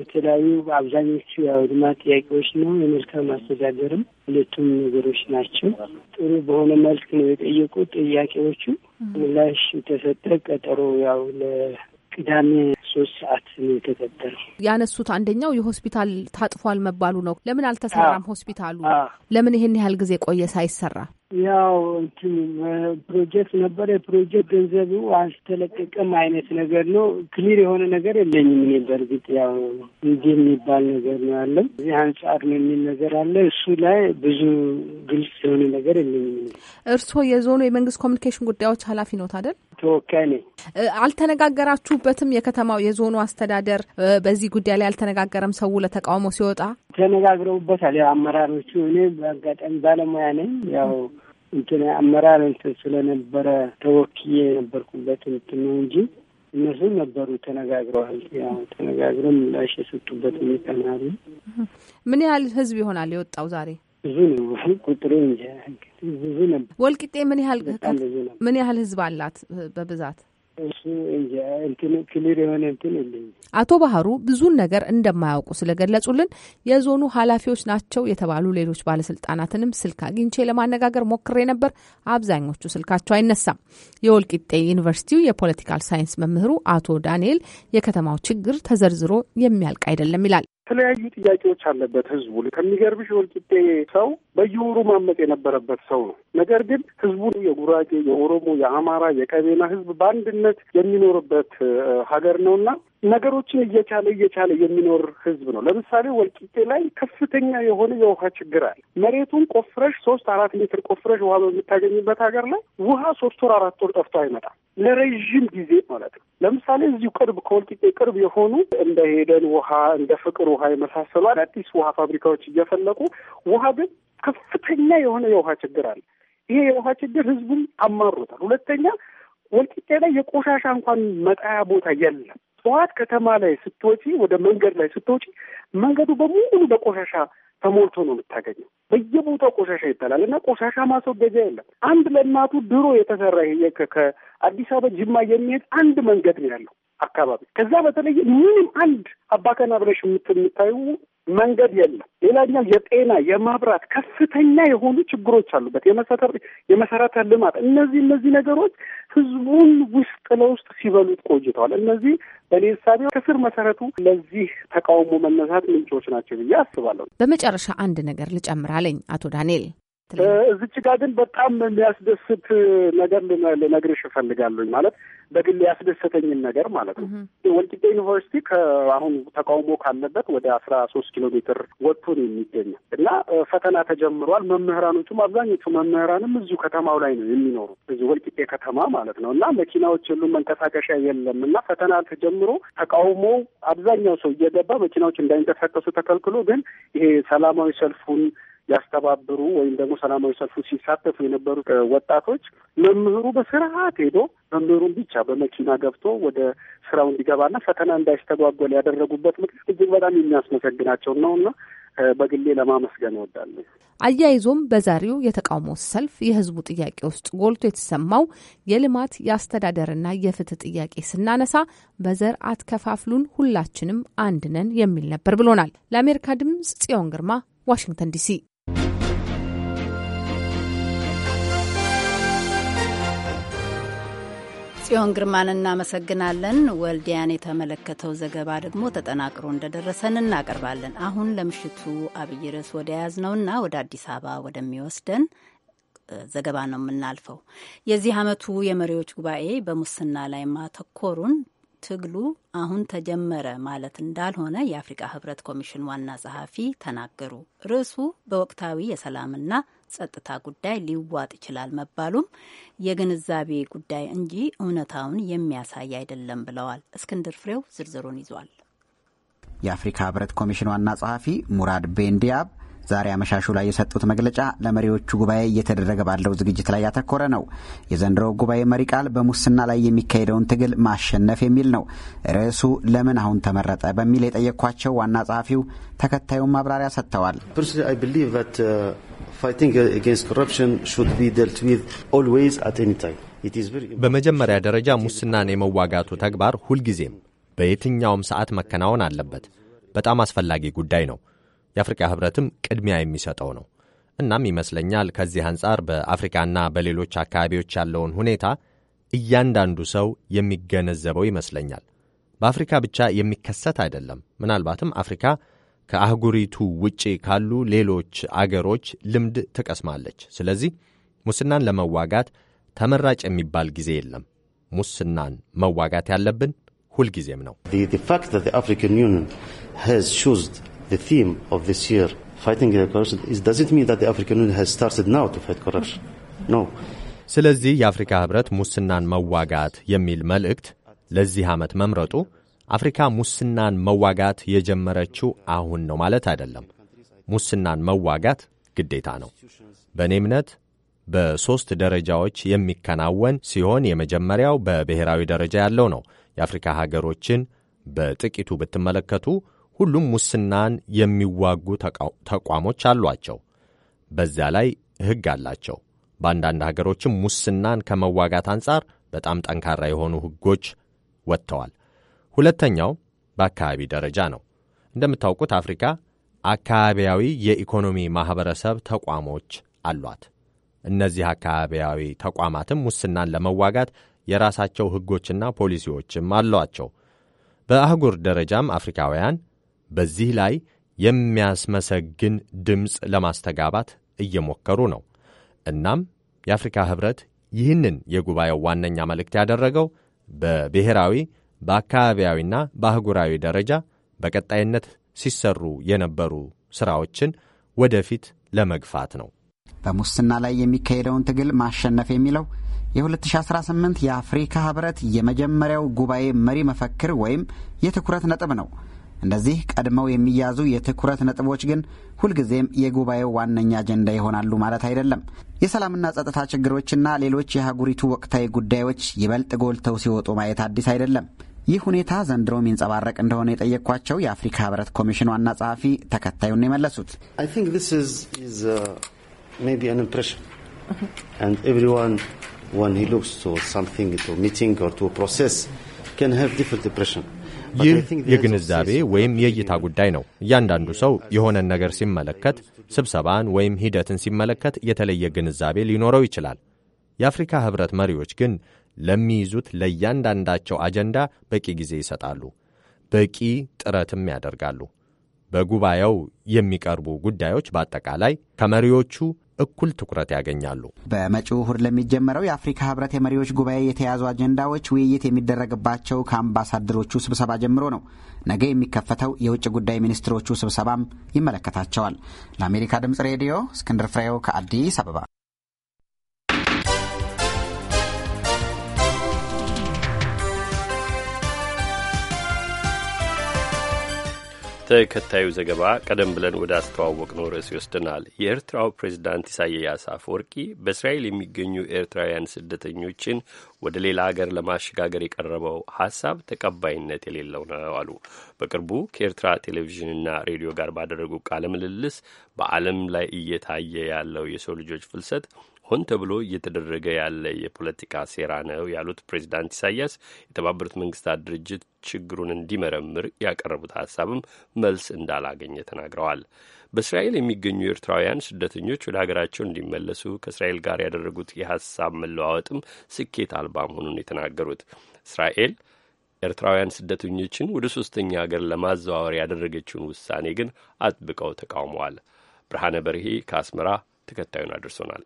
የተለያዩ አብዛኞቹ የልማት ጥያቄዎች ነው፣ የመልካም አስተዳደርም ሁለቱም ነገሮች ናቸው። ጥሩ በሆነ መልክ ነው የጠየቁት ጥያቄዎቹ ምላሽ የተሰጠ ቀጠሮ ያው ለቅዳሜ ሶስት ሰዓት ነው የተቀጠረው። ያነሱት አንደኛው የሆስፒታል ታጥፏል መባሉ ነው። ለምን አልተሰራም ሆስፒታሉ? ለምን ይሄን ያህል ጊዜ ቆየ ሳይሰራ? ያው እንትን ፕሮጀክት ነበር። የፕሮጀክት ገንዘቡ አልተለቀቀም አይነት ነገር ነው። ክሊር የሆነ ነገር የለኝም እኔ። በእርግጥ ያው እንዲህ የሚባል ነገር ነው ያለው እዚህ አንጻር ነው የሚል ነገር አለ። እሱ ላይ ብዙ ግልጽ የሆነ ነገር የለኝም። እርስዎ የዞኑ የመንግስት ኮሚኒኬሽን ጉዳዮች ኃላፊ ነዎት አይደል? ተወካይ ነኝ። አልተነጋገራችሁበትም? የከተማው የዞኑ አስተዳደር በዚህ ጉዳይ ላይ አልተነጋገረም? ሰው ለተቃውሞ ሲወጣ ተነጋግረውበታል። ያው አመራሮቹ እኔ በአጋጣሚ ባለሙያ ነኝ ያው እንትን አመራር እንትን ስለነበረ ተወክዬ የነበርኩበት እንትን ነው እንጂ እነሱ ነበሩ ተነጋግረዋል። ያው ተነጋግረው ምላሽ የሰጡበት ሁኔታ ነው። ምን ያህል ህዝብ ይሆናል የወጣው ዛሬ? ብዙ ነው ቁጥሩ ብዙ ነበር። ወልቂጤ ምን ያህል ምን ያህል ህዝብ አላት በብዛት? እሱ እንትን ክሊር የሆነ እንትን የለኝም። አቶ ባህሩ ብዙን ነገር እንደማያውቁ ስለገለጹልን የዞኑ ኃላፊዎች ናቸው የተባሉ ሌሎች ባለስልጣናትንም ስልክ አግኝቼ ለማነጋገር ሞክሬ ነበር። አብዛኞቹ ስልካቸው አይነሳም። የወልቂጤ ዩኒቨርሲቲው የፖለቲካል ሳይንስ መምህሩ አቶ ዳንኤል የከተማው ችግር ተዘርዝሮ የሚያልቅ አይደለም ይላል። የተለያዩ ጥያቄዎች አለበት ህዝቡ። ከሚገርምሽ ወልቂጤ ሰው በየወሩ ማመጥ የነበረበት ሰው ነው። ነገር ግን ህዝቡ የጉራጌ፣ የኦሮሞ፣ የአማራ፣ የቀቤና ህዝብ በአንድነት የሚኖርበት ሀገር ነው እና ነገሮችን እየቻለ እየቻለ የሚኖር ህዝብ ነው። ለምሳሌ ወልቂጤ ላይ ከፍተኛ የሆነ የውሃ ችግር አለ። መሬቱን ቆፍረሽ ሶስት አራት ሜትር ቆፍረሽ ውሃ በምታገኝበት ሀገር ላይ ውሃ ሶስት ወር አራት ወር ጠፍቶ አይመጣም ለረዥም ጊዜ ማለት ነው። ለምሳሌ እዚሁ ቅርብ ከወልቂጤ ቅርብ የሆኑ እንደ ሄደን ውሃ፣ እንደ ፍቅር ውሃ የመሳሰሉ አዳዲስ ውሃ ፋብሪካዎች እየፈለቁ ውሃ ግን ከፍተኛ የሆነ የውሃ ችግር አለ። ይሄ የውሃ ችግር ህዝቡን አማሮታል። ሁለተኛ ወልቂጤ ላይ የቆሻሻ እንኳን መጣያ ቦታ የለም። ጠዋት ከተማ ላይ ስትወጪ፣ ወደ መንገድ ላይ ስትወጪ መንገዱ በሙሉ በቆሻሻ ተሞልቶ ነው የምታገኘው። በየቦታው ቆሻሻ ይጣላል እና ቆሻሻ ማስወገጃ የለም። አንድ ለእናቱ ድሮ የተሰራ ይሄ ከአዲስ አበባ ጅማ የሚሄድ አንድ መንገድ ነው ያለው አካባቢ። ከዛ በተለየ ምንም አንድ አባከና ብለሽ የምታዩ መንገድ የለም። ሌላኛው የጤና የመብራት ከፍተኛ የሆኑ ችግሮች አሉበት። የመሰረተ ልማት እነዚህ እነዚህ ነገሮች ህዝቡን ውስጥ ለውስጥ ሲበሉት ቆይተዋል። እነዚህ በእኔ ሳቢ ከስር መሰረቱ ለዚህ ተቃውሞ መነሳት ምንጮች ናቸው ብዬ አስባለሁ። በመጨረሻ አንድ ነገር ልጨምራለኝ አቶ ዳንኤል እዚች ጋር ግን በጣም የሚያስደስት ነገር ልነግርሽ እፈልጋለኝ። ማለት በግል ያስደሰተኝን ነገር ማለት ነው። ወልቂጤ ዩኒቨርሲቲ ከአሁን ተቃውሞ ካለበት ወደ አስራ ሶስት ኪሎ ሜትር ወጥቶ ነው የሚገኘው እና ፈተና ተጀምሯል። መምህራኖቹም አብዛኞቹ መምህራንም እዚሁ ከተማው ላይ ነው የሚኖሩ፣ እዚሁ ወልቂጤ ከተማ ማለት ነው እና መኪናዎች የሉም፣ መንቀሳቀሻ የለም እና ፈተና ተጀምሮ ተቃውሞ አብዛኛው ሰው እየገባ መኪናዎች እንዳይንቀሳቀሱ ተከልክሎ ግን ይሄ ሰላማዊ ሰልፉን ያስተባብሩ ወይም ደግሞ ሰላማዊ ሰልፉ ሲሳተፉ የነበሩ ወጣቶች መምህሩ በስርዓት ሄዶ መምህሩን ብቻ በመኪና ገብቶ ወደ ስራው እንዲገባና ፈተና እንዳይስተጓጎል ያደረጉበት ምክንያት እጅግ በጣም የሚያስመሰግናቸው ነው እና በግሌ ለማመስገን እወዳለሁ። አያይዞም በዛሬው የተቃውሞ ሰልፍ የህዝቡ ጥያቄ ውስጥ ጎልቶ የተሰማው የልማት የአስተዳደርና የፍትህ ጥያቄ ስናነሳ በዘር አትከፋፍሉን፣ ሁላችንም አንድ ነን የሚል ነበር ብሎናል። ለአሜሪካ ድምጽ ጽዮን ግርማ ዋሽንግተን ዲሲ ጽዮን ግርማን እናመሰግናለን። ወልዲያን የተመለከተው ዘገባ ደግሞ ተጠናቅሮ እንደደረሰን እናቀርባለን። አሁን ለምሽቱ አብይ ርዕስ ወደ ያዝ ነውና ወደ አዲስ አበባ ወደሚወስደን ዘገባ ነው የምናልፈው። የዚህ ዓመቱ የመሪዎች ጉባኤ በሙስና ላይ ማተኮሩን ትግሉ አሁን ተጀመረ ማለት እንዳልሆነ የአፍሪካ ህብረት ኮሚሽን ዋና ጸሐፊ ተናገሩ። ርዕሱ በወቅታዊ የሰላምና ጸጥታ ጉዳይ ሊዋጥ ይችላል መባሉም የግንዛቤ ጉዳይ እንጂ እውነታውን የሚያሳይ አይደለም ብለዋል። እስክንድር ፍሬው ዝርዝሩን ይዟል። የአፍሪካ ህብረት ኮሚሽን ዋና ጸሐፊ ሙራድ ቤንዲያብ ዛሬ አመሻሹ ላይ የሰጡት መግለጫ ለመሪዎቹ ጉባኤ እየተደረገ ባለው ዝግጅት ላይ ያተኮረ ነው። የዘንድሮው ጉባኤ መሪ ቃል በሙስና ላይ የሚካሄደውን ትግል ማሸነፍ የሚል ነው። ርዕሱ ለምን አሁን ተመረጠ በሚል የጠየኳቸው ዋና ጸሐፊው ተከታዩን ማብራሪያ ሰጥተዋል። ፋይቲንግ አጋንስት ኮረፕሽን ሹድ ቢ ደልት ዊዝ ኦልዌይዝ አት ኤኒ ታይም። በመጀመሪያ ደረጃ ሙስናን የመዋጋቱ ተግባር ሁልጊዜም በየትኛውም ሰዓት መከናወን አለበት። በጣም አስፈላጊ ጉዳይ ነው። የአፍሪካ ሕብረትም ቅድሚያ የሚሰጠው ነው። እናም ይመስለኛል ከዚህ አንጻር በአፍሪካና በሌሎች አካባቢዎች ያለውን ሁኔታ እያንዳንዱ ሰው የሚገነዘበው ይመስለኛል። በአፍሪካ ብቻ የሚከሰት አይደለም። ምናልባትም አፍሪካ ከአህጉሪቱ ውጪ ካሉ ሌሎች አገሮች ልምድ ትቀስማለች። ስለዚህ ሙስናን ለመዋጋት ተመራጭ የሚባል ጊዜ የለም። ሙስናን መዋጋት ያለብን ሁልጊዜም ነው። ስለዚህ የአፍሪካ ህብረት ሙስናን መዋጋት የሚል መልእክት ለዚህ ዓመት መምረጡ አፍሪካ ሙስናን መዋጋት የጀመረችው አሁን ነው ማለት አይደለም። ሙስናን መዋጋት ግዴታ ነው። በእኔ እምነት በሦስት ደረጃዎች የሚከናወን ሲሆን የመጀመሪያው በብሔራዊ ደረጃ ያለው ነው። የአፍሪካ ሀገሮችን በጥቂቱ ብትመለከቱ ሁሉም ሙስናን የሚዋጉ ተቋሞች አሏቸው። በዚያ ላይ ሕግ አላቸው። በአንዳንድ ሀገሮችም ሙስናን ከመዋጋት አንጻር በጣም ጠንካራ የሆኑ ሕጎች ወጥተዋል። ሁለተኛው በአካባቢ ደረጃ ነው። እንደምታውቁት አፍሪካ አካባቢያዊ የኢኮኖሚ ማኅበረሰብ ተቋሞች አሏት። እነዚህ አካባቢያዊ ተቋማትም ሙስናን ለመዋጋት የራሳቸው ሕጎችና ፖሊሲዎችም አሏቸው። በአህጉር ደረጃም አፍሪካውያን በዚህ ላይ የሚያስመሰግን ድምፅ ለማስተጋባት እየሞከሩ ነው። እናም የአፍሪካ ኅብረት ይህንን የጉባኤው ዋነኛ መልእክት ያደረገው በብሔራዊ በአካባቢያዊና በአህጉራዊ ደረጃ በቀጣይነት ሲሰሩ የነበሩ ሥራዎችን ወደፊት ለመግፋት ነው። በሙስና ላይ የሚካሄደውን ትግል ማሸነፍ የሚለው የ2018 የአፍሪካ ህብረት የመጀመሪያው ጉባኤ መሪ መፈክር ወይም የትኩረት ነጥብ ነው። እንደዚህ ቀድመው የሚያዙ የትኩረት ነጥቦች ግን ሁልጊዜም የጉባኤው ዋነኛ አጀንዳ ይሆናሉ ማለት አይደለም። የሰላምና ጸጥታ ችግሮችና ሌሎች የአህጉሪቱ ወቅታዊ ጉዳዮች ይበልጥ ጎልተው ሲወጡ ማየት አዲስ አይደለም። ይህ ሁኔታ ዘንድሮም ይንጸባረቅ እንደሆነ የጠየቅኳቸው የአፍሪካ ህብረት ኮሚሽን ዋና ጸሐፊ ተከታዩን የመለሱት uh, ይህ የግንዛቤ ወይም የእይታ ጉዳይ ነው። እያንዳንዱ ሰው የሆነን ነገር ሲመለከት፣ ስብሰባን ወይም ሂደትን ሲመለከት የተለየ ግንዛቤ ሊኖረው ይችላል። የአፍሪካ ህብረት መሪዎች ግን ለሚይዙት ለእያንዳንዳቸው አጀንዳ በቂ ጊዜ ይሰጣሉ፣ በቂ ጥረትም ያደርጋሉ። በጉባኤው የሚቀርቡ ጉዳዮች በአጠቃላይ ከመሪዎቹ እኩል ትኩረት ያገኛሉ። በመጪው እሁድ ለሚጀመረው የአፍሪካ ህብረት የመሪዎች ጉባኤ የተያዙ አጀንዳዎች ውይይት የሚደረግባቸው ከአምባሳደሮቹ ስብሰባ ጀምሮ ነው። ነገ የሚከፈተው የውጭ ጉዳይ ሚኒስትሮቹ ስብሰባም ይመለከታቸዋል። ለአሜሪካ ድምጽ ሬዲዮ እስክንድር ፍሬው ከአዲስ አበባ ተከታዩ ዘገባ ቀደም ብለን ወደ አስተዋወቅ ነው ርዕስ ይወስደናል። የኤርትራው ፕሬዚዳንት ኢሳያስ አፈወርቂ በእስራኤል የሚገኙ ኤርትራውያን ስደተኞችን ወደ ሌላ አገር ለማሸጋገር የቀረበው ሀሳብ ተቀባይነት የሌለው ነው አሉ። በቅርቡ ከኤርትራ ቴሌቪዥንና ሬዲዮ ጋር ባደረጉ ቃለ ምልልስ በዓለም ላይ እየታየ ያለው የሰው ልጆች ፍልሰት ሆን ተብሎ እየተደረገ ያለ የፖለቲካ ሴራ ነው ያሉት ፕሬዚዳንት ኢሳያስ የተባበሩት መንግስታት ድርጅት ችግሩን እንዲመረምር ያቀረቡት ሀሳብም መልስ እንዳላገኘ ተናግረዋል። በእስራኤል የሚገኙ ኤርትራውያን ስደተኞች ወደ ሀገራቸው እንዲመለሱ ከእስራኤል ጋር ያደረጉት የሀሳብ መለዋወጥም ስኬት አልባ መሆኑን የተናገሩት እስራኤል ኤርትራውያን ስደተኞችን ወደ ሶስተኛ ሀገር ለማዘዋወር ያደረገችውን ውሳኔ ግን አጥብቀው ተቃውመዋል። ብርሃነ በርሄ ከአስመራ ተከታዩን አድርሶናል።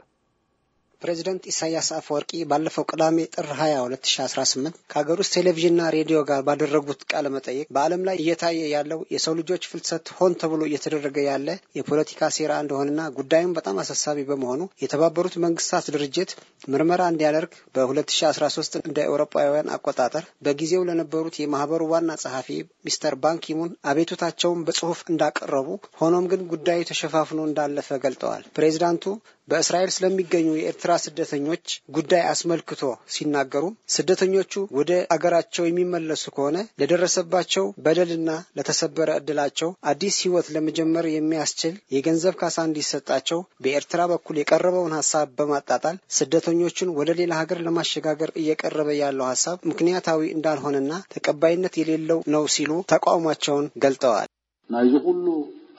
ፕሬዚደንት ኢሳያስ አፈወርቂ ባለፈው ቅዳሜ ጥር 20 2018 ከሀገር ውስጥ ቴሌቪዥንና ሬዲዮ ጋር ባደረጉት ቃለ መጠይቅ በዓለም ላይ እየታየ ያለው የሰው ልጆች ፍልሰት ሆን ተብሎ እየተደረገ ያለ የፖለቲካ ሴራ እንደሆነና ጉዳዩም በጣም አሳሳቢ በመሆኑ የተባበሩት መንግስታት ድርጅት ምርመራ እንዲያደርግ በ2013 እንደ አውሮፓውያን አቆጣጠር በጊዜው ለነበሩት የማህበሩ ዋና ጸሐፊ ሚስተር ባንኪሙን አቤቱታቸውን በጽሁፍ እንዳቀረቡ ሆኖም ግን ጉዳዩ ተሸፋፍኖ እንዳለፈ ገልጠዋል። ፕሬዚዳንቱ በእስራኤል ስለሚገኙ የኤርትራ የኤርትራ ስደተኞች ጉዳይ አስመልክቶ ሲናገሩ ስደተኞቹ ወደ አገራቸው የሚመለሱ ከሆነ ለደረሰባቸው በደልና ለተሰበረ እድላቸው አዲስ ህይወት ለመጀመር የሚያስችል የገንዘብ ካሳ እንዲሰጣቸው በኤርትራ በኩል የቀረበውን ሀሳብ በማጣጣል ስደተኞቹን ወደ ሌላ ሀገር ለማሸጋገር እየቀረበ ያለው ሀሳብ ምክንያታዊ እንዳልሆነና ተቀባይነት የሌለው ነው ሲሉ ተቃውሟቸውን ገልጠዋል። ናይዚ ሁሉ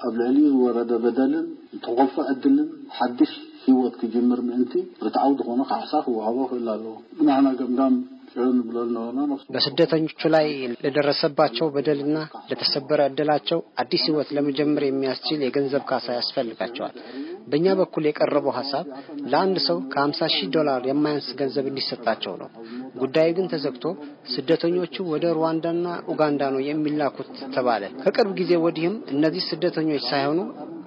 ኣብ ልዕሊ ወረደ በደልን እንተቆፍዕ ዕድልን ሓድሽ ሂወት ክጅምር ምእንቲ ርትዓዊ ዝኾነ ካሕሳ ክወሃቦ ክእል ኣለዎ ንሕና ገምጋም በስደተኞቹ ላይ ለደረሰባቸው በደልና ለተሰበረ እድላቸው አዲስ ህይወት ለመጀመር የሚያስችል የገንዘብ ካሳ ያስፈልጋቸዋል። በእኛ በኩል የቀረበው ሀሳብ ለአንድ ሰው ከ50 ሺህ ዶላር የማያንስ ገንዘብ እንዲሰጣቸው ነው። ጉዳዩ ግን ተዘግቶ ስደተኞቹ ወደ ሩዋንዳና ኡጋንዳ ነው የሚላኩት ተባለ። ከቅርብ ጊዜ ወዲህም እነዚህ ስደተኞች ሳይሆኑ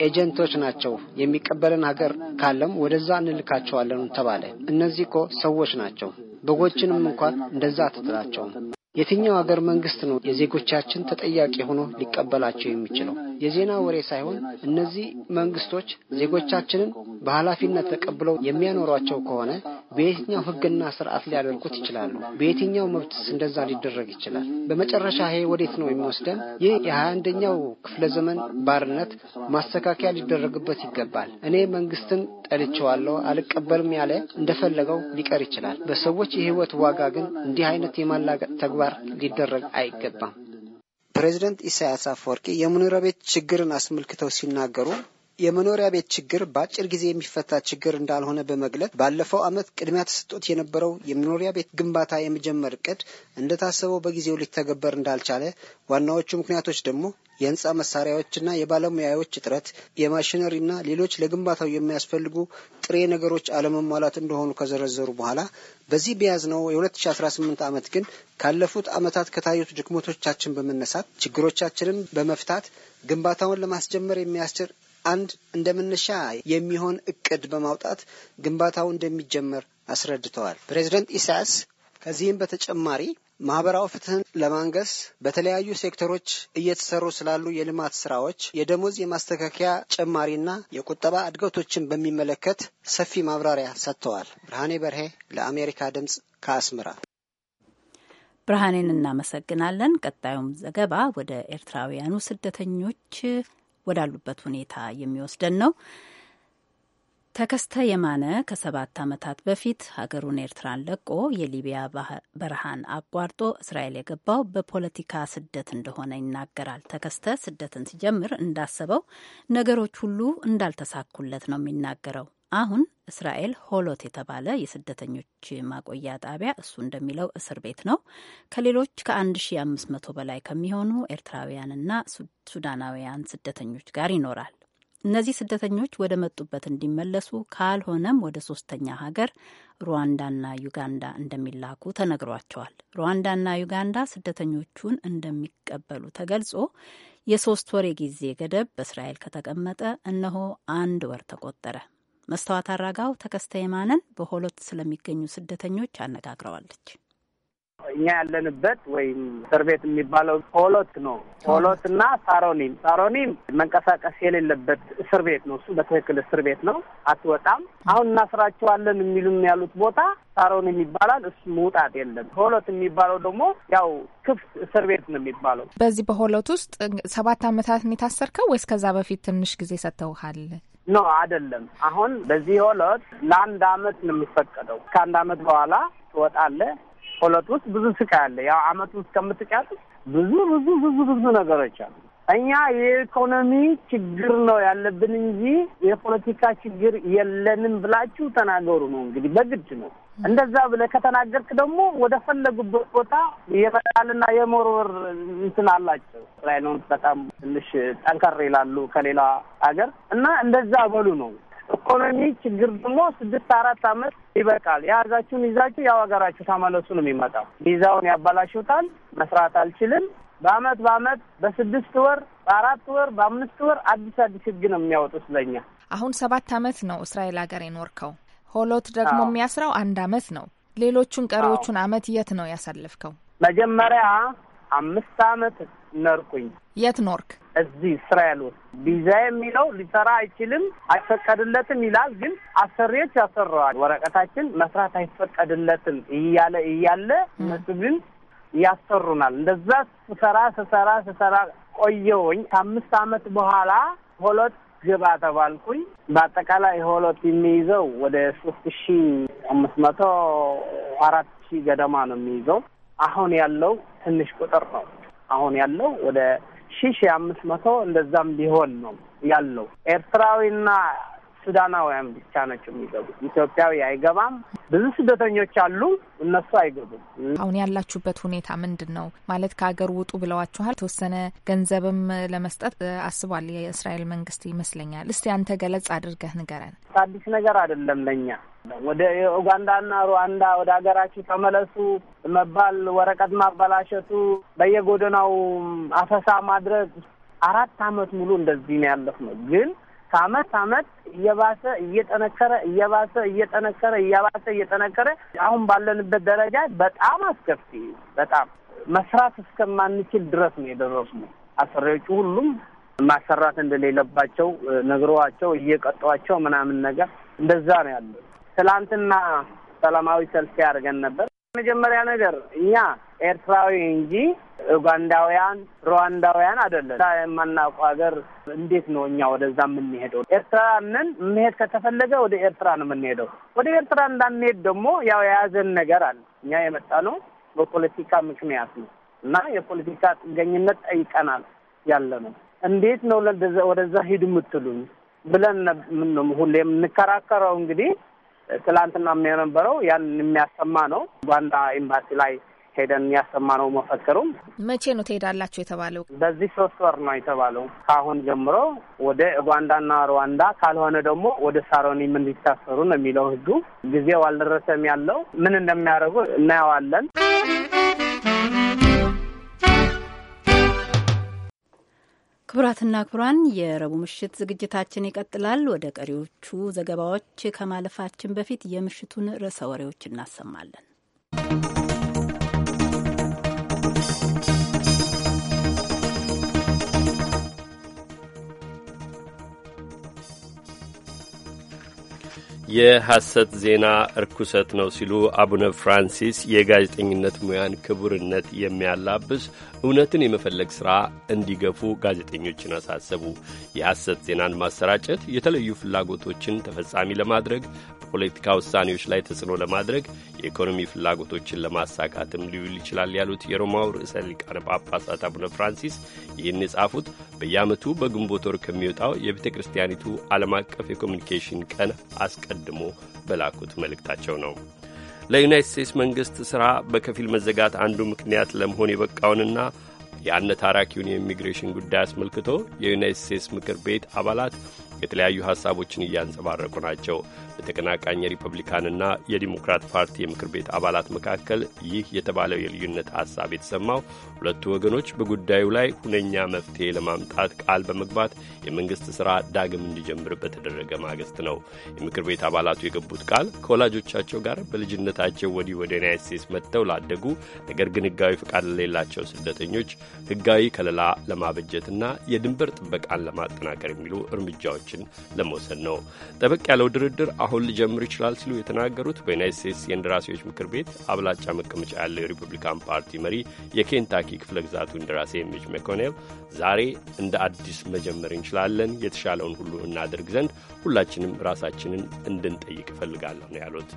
ኤጀንቶች ናቸው። የሚቀበለን ሀገር ካለም ወደዛ እንልካቸዋለን ተባለ። እነዚህ እኮ ሰዎች ናቸው። በጎችንም እንኳን እንደዛ አትጥላቸውም። የትኛው ሀገር መንግስት ነው የዜጎቻችን ተጠያቂ ሆኖ ሊቀበላቸው የሚችለው? የዜና ወሬ ሳይሆን እነዚህ መንግስቶች ዜጎቻችንን በኃላፊነት ተቀብለው የሚያኖሯቸው ከሆነ በየትኛው ህግና ስርዓት ሊያደርጉት ይችላሉ? በየትኛው መብትስ እንደዛ ሊደረግ ይችላል? በመጨረሻ ይሄ ወዴት ነው የሚወስደን? ይህ የሀያ አንደኛው ክፍለ ዘመን ባርነት ማስተካከያ ሊደረግበት ይገባል። እኔ መንግስትን ጠልቼዋለሁ፣ አልቀበልም ያለ እንደፈለገው ሊቀር ይችላል። በሰዎች የህይወት ዋጋ ግን እንዲህ አይነት የማላገጥ ተግባር ሊደረግ አይገባም። ፕሬዚደንት ኢሳያስ አፈወርቂ የሙኒራ ቤት ችግርን አስመልክተው ሲናገሩ የመኖሪያ ቤት ችግር በአጭር ጊዜ የሚፈታ ችግር እንዳልሆነ በመግለጽ ባለፈው ዓመት ቅድሚያ ተሰጥቶት የነበረው የመኖሪያ ቤት ግንባታ የመጀመር እቅድ እንደታሰበው በጊዜው ሊተገበር እንዳልቻለ፣ ዋናዎቹ ምክንያቶች ደግሞ የህንፃ መሳሪያዎችና የባለሙያዎች እጥረት፣ የማሽነሪና ሌሎች ለግንባታው የሚያስፈልጉ ጥሬ ነገሮች አለመሟላት እንደሆኑ ከዘረዘሩ በኋላ በዚህ በያዝነው የ2018 ዓመት ግን ካለፉት ዓመታት ከታዩት ድክመቶቻችን በመነሳት ችግሮቻችንን በመፍታት ግንባታውን ለማስጀመር የሚያስችል አንድ እንደ መነሻ የሚሆን እቅድ በማውጣት ግንባታው እንደሚጀመር አስረድተዋል። ፕሬዚደንት ኢሳያስ ከዚህም በተጨማሪ ማህበራዊ ፍትህን ለማንገስ በተለያዩ ሴክተሮች እየተሰሩ ስላሉ የልማት ስራዎች፣ የደሞዝ የማስተካከያ ጭማሪና የቁጠባ እድገቶችን በሚመለከት ሰፊ ማብራሪያ ሰጥተዋል። ብርሃኔ በርሄ ለአሜሪካ ድምፅ ከአስመራ። ብርሃኔን እናመሰግናለን። ቀጣዩም ዘገባ ወደ ኤርትራውያኑ ስደተኞች ወዳሉበት ሁኔታ የሚወስደን ነው። ተከስተ የማነ ከሰባት ዓመታት በፊት ሀገሩን ኤርትራን ለቆ የሊቢያ በረሃን አቋርጦ እስራኤል የገባው በፖለቲካ ስደት እንደሆነ ይናገራል። ተከስተ ስደትን ሲጀምር እንዳሰበው ነገሮች ሁሉ እንዳልተሳኩለት ነው የሚናገረው። አሁን እስራኤል ሆሎት የተባለ የስደተኞች ማቆያ ጣቢያ እሱ እንደሚለው እስር ቤት ነው። ከሌሎች ከ1500 በላይ ከሚሆኑ ኤርትራውያንና ሱዳናውያን ስደተኞች ጋር ይኖራል። እነዚህ ስደተኞች ወደ መጡበት እንዲመለሱ ካልሆነም ወደ ሶስተኛ ሀገር ሩዋንዳና ዩጋንዳ እንደሚላኩ ተነግሯቸዋል። ሩዋንዳና ዩጋንዳ ስደተኞቹን እንደሚቀበሉ ተገልጾ የሶስት ወር ጊዜ ገደብ በእስራኤል ከተቀመጠ እነሆ አንድ ወር ተቆጠረ። መስተዋት አራጋው ተከስተ የማነን በሆሎት ስለሚገኙ ስደተኞች አነጋግረዋለች። እኛ ያለንበት ወይም እስር ቤት የሚባለው ሆሎት ነው። ሆሎት እና ሳሮኒም ሳሮኒም መንቀሳቀስ የሌለበት እስር ቤት ነው። እሱ በትክክል እስር ቤት ነው። አትወጣም። አሁን እናስራችኋለን የሚሉም ያሉት ቦታ ሳሮኒም ይባላል። እሱ መውጣት የለም። ሆሎት የሚባለው ደግሞ ያው ክፍት እስር ቤት ነው የሚባለው። በዚህ በሆሎት ውስጥ ሰባት አመታት ነው የታሰርከው ወይስ ከዛ በፊት ትንሽ ጊዜ ሰጥተውሃል? ኖ አይደለም። አሁን በዚህ ሆለት ለአንድ አመት ነው የሚፈቀደው። ከአንድ አመት በኋላ ትወጣለህ። ሆለት ውስጥ ብዙ ስቃይ አለ። ያው አመቱን እስከምትቀያት ብዙ ብዙ ብዙ ብዙ ነገሮች አሉ። እኛ የኢኮኖሚ ችግር ነው ያለብን እንጂ የፖለቲካ ችግር የለንም ብላችሁ ተናገሩ ነው እንግዲህ በግድ ነው። እንደዛ ብለ ከተናገርክ ደግሞ ወደ ፈለጉበት ቦታ የመጣልና የመወርወር እንትን አላቸው። ላይ ነው በጣም ትንሽ ጠንከር ይላሉ ከሌላ ሀገር እና እንደዛ በሉ ነው። ኢኮኖሚ ችግር ደግሞ ስድስት አራት አመት ይበቃል። የያዛችሁን ይዛችሁ ያው ሀገራችሁ ተመለሱ ነው የሚመጣው። ቪዛውን ያባላሽታል። መስራት አልችልም በአመት በአመት በስድስት ወር በአራት ወር በአምስት ወር አዲስ አዲስ ህግ ነው የሚያወጡት ለኛ። አሁን ሰባት አመት ነው እስራኤል ሀገር የኖርከው። ሆሎት ደግሞ የሚያስራው አንድ አመት ነው። ሌሎቹን ቀሪዎቹን አመት የት ነው ያሳለፍከው? መጀመሪያ አምስት አመት ነርኩኝ። የት ኖርክ? እዚህ እስራኤል ውስጥ ቢዛ የሚለው ሊሰራ አይችልም፣ አይፈቀድለትም ይላል። ግን አሰሪዎች ያሰረዋል። ወረቀታችን መስራት አይፈቀድለትም እያለ እያለ እነሱ ግን ያሰሩናል። እንደዛ ስሰራ ስሰራ ስሰራ ቆየውኝ። ከአምስት አመት በኋላ ሆሎት ግባ ተባልኩኝ። በአጠቃላይ ሆሎት የሚይዘው ወደ ሶስት ሺ አምስት መቶ አራት ሺ ገደማ ነው የሚይዘው። አሁን ያለው ትንሽ ቁጥር ነው። አሁን ያለው ወደ ሺ ሺ አምስት መቶ እንደዛም ቢሆን ነው ያለው ኤርትራዊና ሱዳናውያን ብቻ ናቸው የሚገቡት። ኢትዮጵያዊ አይገባም። ብዙ ስደተኞች አሉ፣ እነሱ አይገቡም። አሁን ያላችሁበት ሁኔታ ምንድን ነው ማለት? ከሀገር ውጡ ብለዋችኋል። የተወሰነ ገንዘብም ለመስጠት አስቧል የእስራኤል መንግስት ይመስለኛል። እስቲ አንተ ገለጽ አድርገህ ንገረን። አዲስ ነገር አይደለም ለእኛ ወደ ኡጋንዳና ሩዋንዳ ወደ ሀገራችሁ ተመለሱ መባል፣ ወረቀት ማበላሸቱ፣ በየጎደናው አፈሳ ማድረግ አራት አመት ሙሉ እንደዚህ ነው ያለፍ ነው ግን ከአመት አመት እየባሰ እየጠነከረ እየባሰ እየጠነከረ እያባሰ እየጠነከረ አሁን ባለንበት ደረጃ በጣም አስከፊ በጣም መስራት እስከማንችል ድረስ ነው የደረሱ አሰሪዎቹ ሁሉም ማሰራት እንደሌለባቸው ነግረዋቸው እየቀጧቸው ምናምን ነገር እንደዛ ነው ያለ። ትላንትና ሰላማዊ ሰልፍ ያደርገን ነበር። መጀመሪያ ነገር እኛ ኤርትራዊ እንጂ ኡጋንዳውያን፣ ሩዋንዳውያን አይደለም። የማናውቀው ሀገር እንዴት ነው እኛ ወደዛ የምንሄደው? ኤርትራንን መሄድ ከተፈለገ ወደ ኤርትራ ነው የምንሄደው። ወደ ኤርትራ እንዳንሄድ ደግሞ ያው የያዘን ነገር አለ። እኛ የመጣ ነው በፖለቲካ ምክንያት ነው እና የፖለቲካ ጥገኝነት ጠይቀናል ያለ ነው። እንዴት ነው ወደዛ ሂድ የምትሉኝ ብለን ሁሌ የምንከራከረው እንግዲህ ትላንትና የነበረው ያን የሚያሰማ ነው። ኡጋንዳ ኤምባሲ ላይ ሄደን ያሰማ ነው። መፈክሩም መቼ ነው ትሄዳላችሁ የተባለው? በዚህ ሶስት ወር ነው የተባለው። ከአሁን ጀምሮ ወደ ኡጋንዳና ሩዋንዳ ካልሆነ ደግሞ ወደ ሳሮኒ ምን ሊታሰሩ ነው የሚለው ህጉ። ጊዜው አልደረሰም ያለው ምን እንደሚያደርጉ እናየዋለን። ክቡራትና ክቡራን የረቡ ምሽት ዝግጅታችን ይቀጥላል። ወደ ቀሪዎቹ ዘገባዎች ከማለፋችን በፊት የምሽቱን ርዕሰ ወሬዎች እናሰማለን። የሐሰት ዜና እርኩሰት ነው ሲሉ አቡነ ፍራንሲስ የጋዜጠኝነት ሙያን ክቡርነት የሚያላብስ እውነትን የመፈለግ ሥራ እንዲገፉ ጋዜጠኞችን አሳሰቡ። የሐሰት ዜናን ማሰራጨት የተለዩ ፍላጎቶችን ተፈጻሚ ለማድረግ በፖለቲካ ውሳኔዎች ላይ ተጽዕኖ ለማድረግ የኢኮኖሚ ፍላጎቶችን ለማሳካትም ሊውል ይችላል ያሉት የሮማው ርዕሰ ሊቃነ ጳጳሳት አቡነ ፍራንሲስ ይህን የጻፉት በየዓመቱ በግንቦት ወር ከሚወጣው የቤተ ክርስቲያኒቱ ዓለም አቀፍ የኮሚኒኬሽን ቀን አስቀድሞ በላኩት መልእክታቸው ነው። ለዩናይት ስቴትስ መንግሥት ሥራ በከፊል መዘጋት አንዱ ምክንያት ለመሆን የበቃውንና ታራኪውን የኢሚግሬሽን ጉዳይ አስመልክቶ የዩናይት ስቴትስ ምክር ቤት አባላት የተለያዩ ሀሳቦችን እያንጸባረቁ ናቸው። በተቀናቃኝ የሪፐብሊካንና የዲሞክራት ፓርቲ የምክር ቤት አባላት መካከል ይህ የተባለው የልዩነት ሐሳብ የተሰማው ሁለቱ ወገኖች በጉዳዩ ላይ ሁነኛ መፍትሄ ለማምጣት ቃል በመግባት የመንግሥት ሥራ ዳግም እንዲጀምር በተደረገ ማግስት ነው። የምክር ቤት አባላቱ የገቡት ቃል ከወላጆቻቸው ጋር በልጅነታቸው ወዲህ ወደ ዩናይት ስቴትስ መጥተው ላደጉ ነገር ግን ሕጋዊ ፍቃድ ለሌላቸው ስደተኞች ሕጋዊ ከለላ ለማበጀትና የድንበር ጥበቃን ለማጠናከር የሚሉ እርምጃዎችን ለመውሰድ ነው። ጠበቅ ያለው ድርድር አሁን ሊጀምር ይችላል ሲሉ የተናገሩት በዩናይት ስቴትስ የእንደራሴዎች ምክር ቤት አብላጫ መቀመጫ ያለው የሪፐብሊካን ፓርቲ መሪ የኬንታኪ ክፍለ ግዛቱ እንደራሴ ሚች መኮኔል ዛሬ እንደ አዲስ መጀመር እንችላለን፣ የተሻለውን ሁሉ እናደርግ ዘንድ ሁላችንም ራሳችንን እንድንጠይቅ እፈልጋለሁ ነው ያሉት።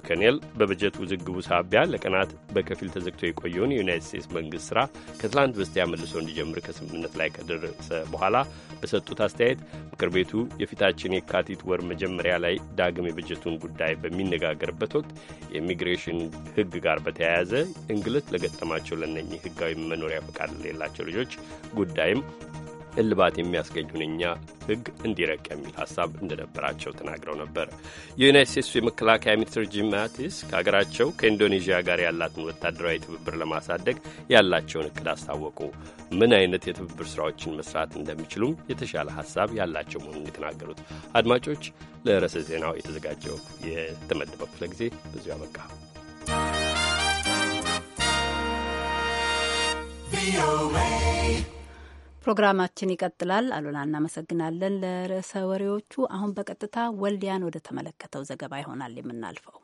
መከኔል በበጀት ውዝግቡ ሳቢያ ለቀናት በከፊል ተዘግቶ የቆየውን የዩናይት ስቴትስ መንግስት ስራ ከትላንት በስቲያ መልሶ እንዲጀምር ከስምምነት ላይ ከደረሰ በኋላ በሰጡት አስተያየት ምክር ቤቱ የፊታችን የካቲት ወር መጀመሪያ ላይ ዳግም የበጀቱን ጉዳይ በሚነጋገርበት ወቅት የኢሚግሬሽን ህግ ጋር በተያያዘ እንግልት ለገጠማቸው ለነኚህ ህጋዊ መኖሪያ ፈቃድ ለሌላቸው ልጆች ጉዳይም እልባት የሚያስገኙን እኛ ህግ እንዲረቅ የሚል ሀሳብ እንደነበራቸው ተናግረው ነበር። የዩናይት ስቴትሱ የመከላከያ ሚኒስትር ጂም ማቲስ ከሀገራቸው ከኢንዶኔዥያ ጋር ያላትን ወታደራዊ ትብብር ለማሳደግ ያላቸውን እቅድ አስታወቁ። ምን አይነት የትብብር ስራዎችን መስራት እንደሚችሉም የተሻለ ሀሳብ ያላቸው መሆኑን የተናገሩት አድማጮች፣ ለርዕሰ ዜናው የተዘጋጀው የተመደበው ክፍለ ጊዜ በዚሁ አበቃ። ፕሮግራማችን ይቀጥላል። አሉላ እናመሰግናለን ለርዕሰ ወሬዎቹ። አሁን በቀጥታ ወልዲያን ወደ ተመለከተው ዘገባ ይሆናል የምናልፈው።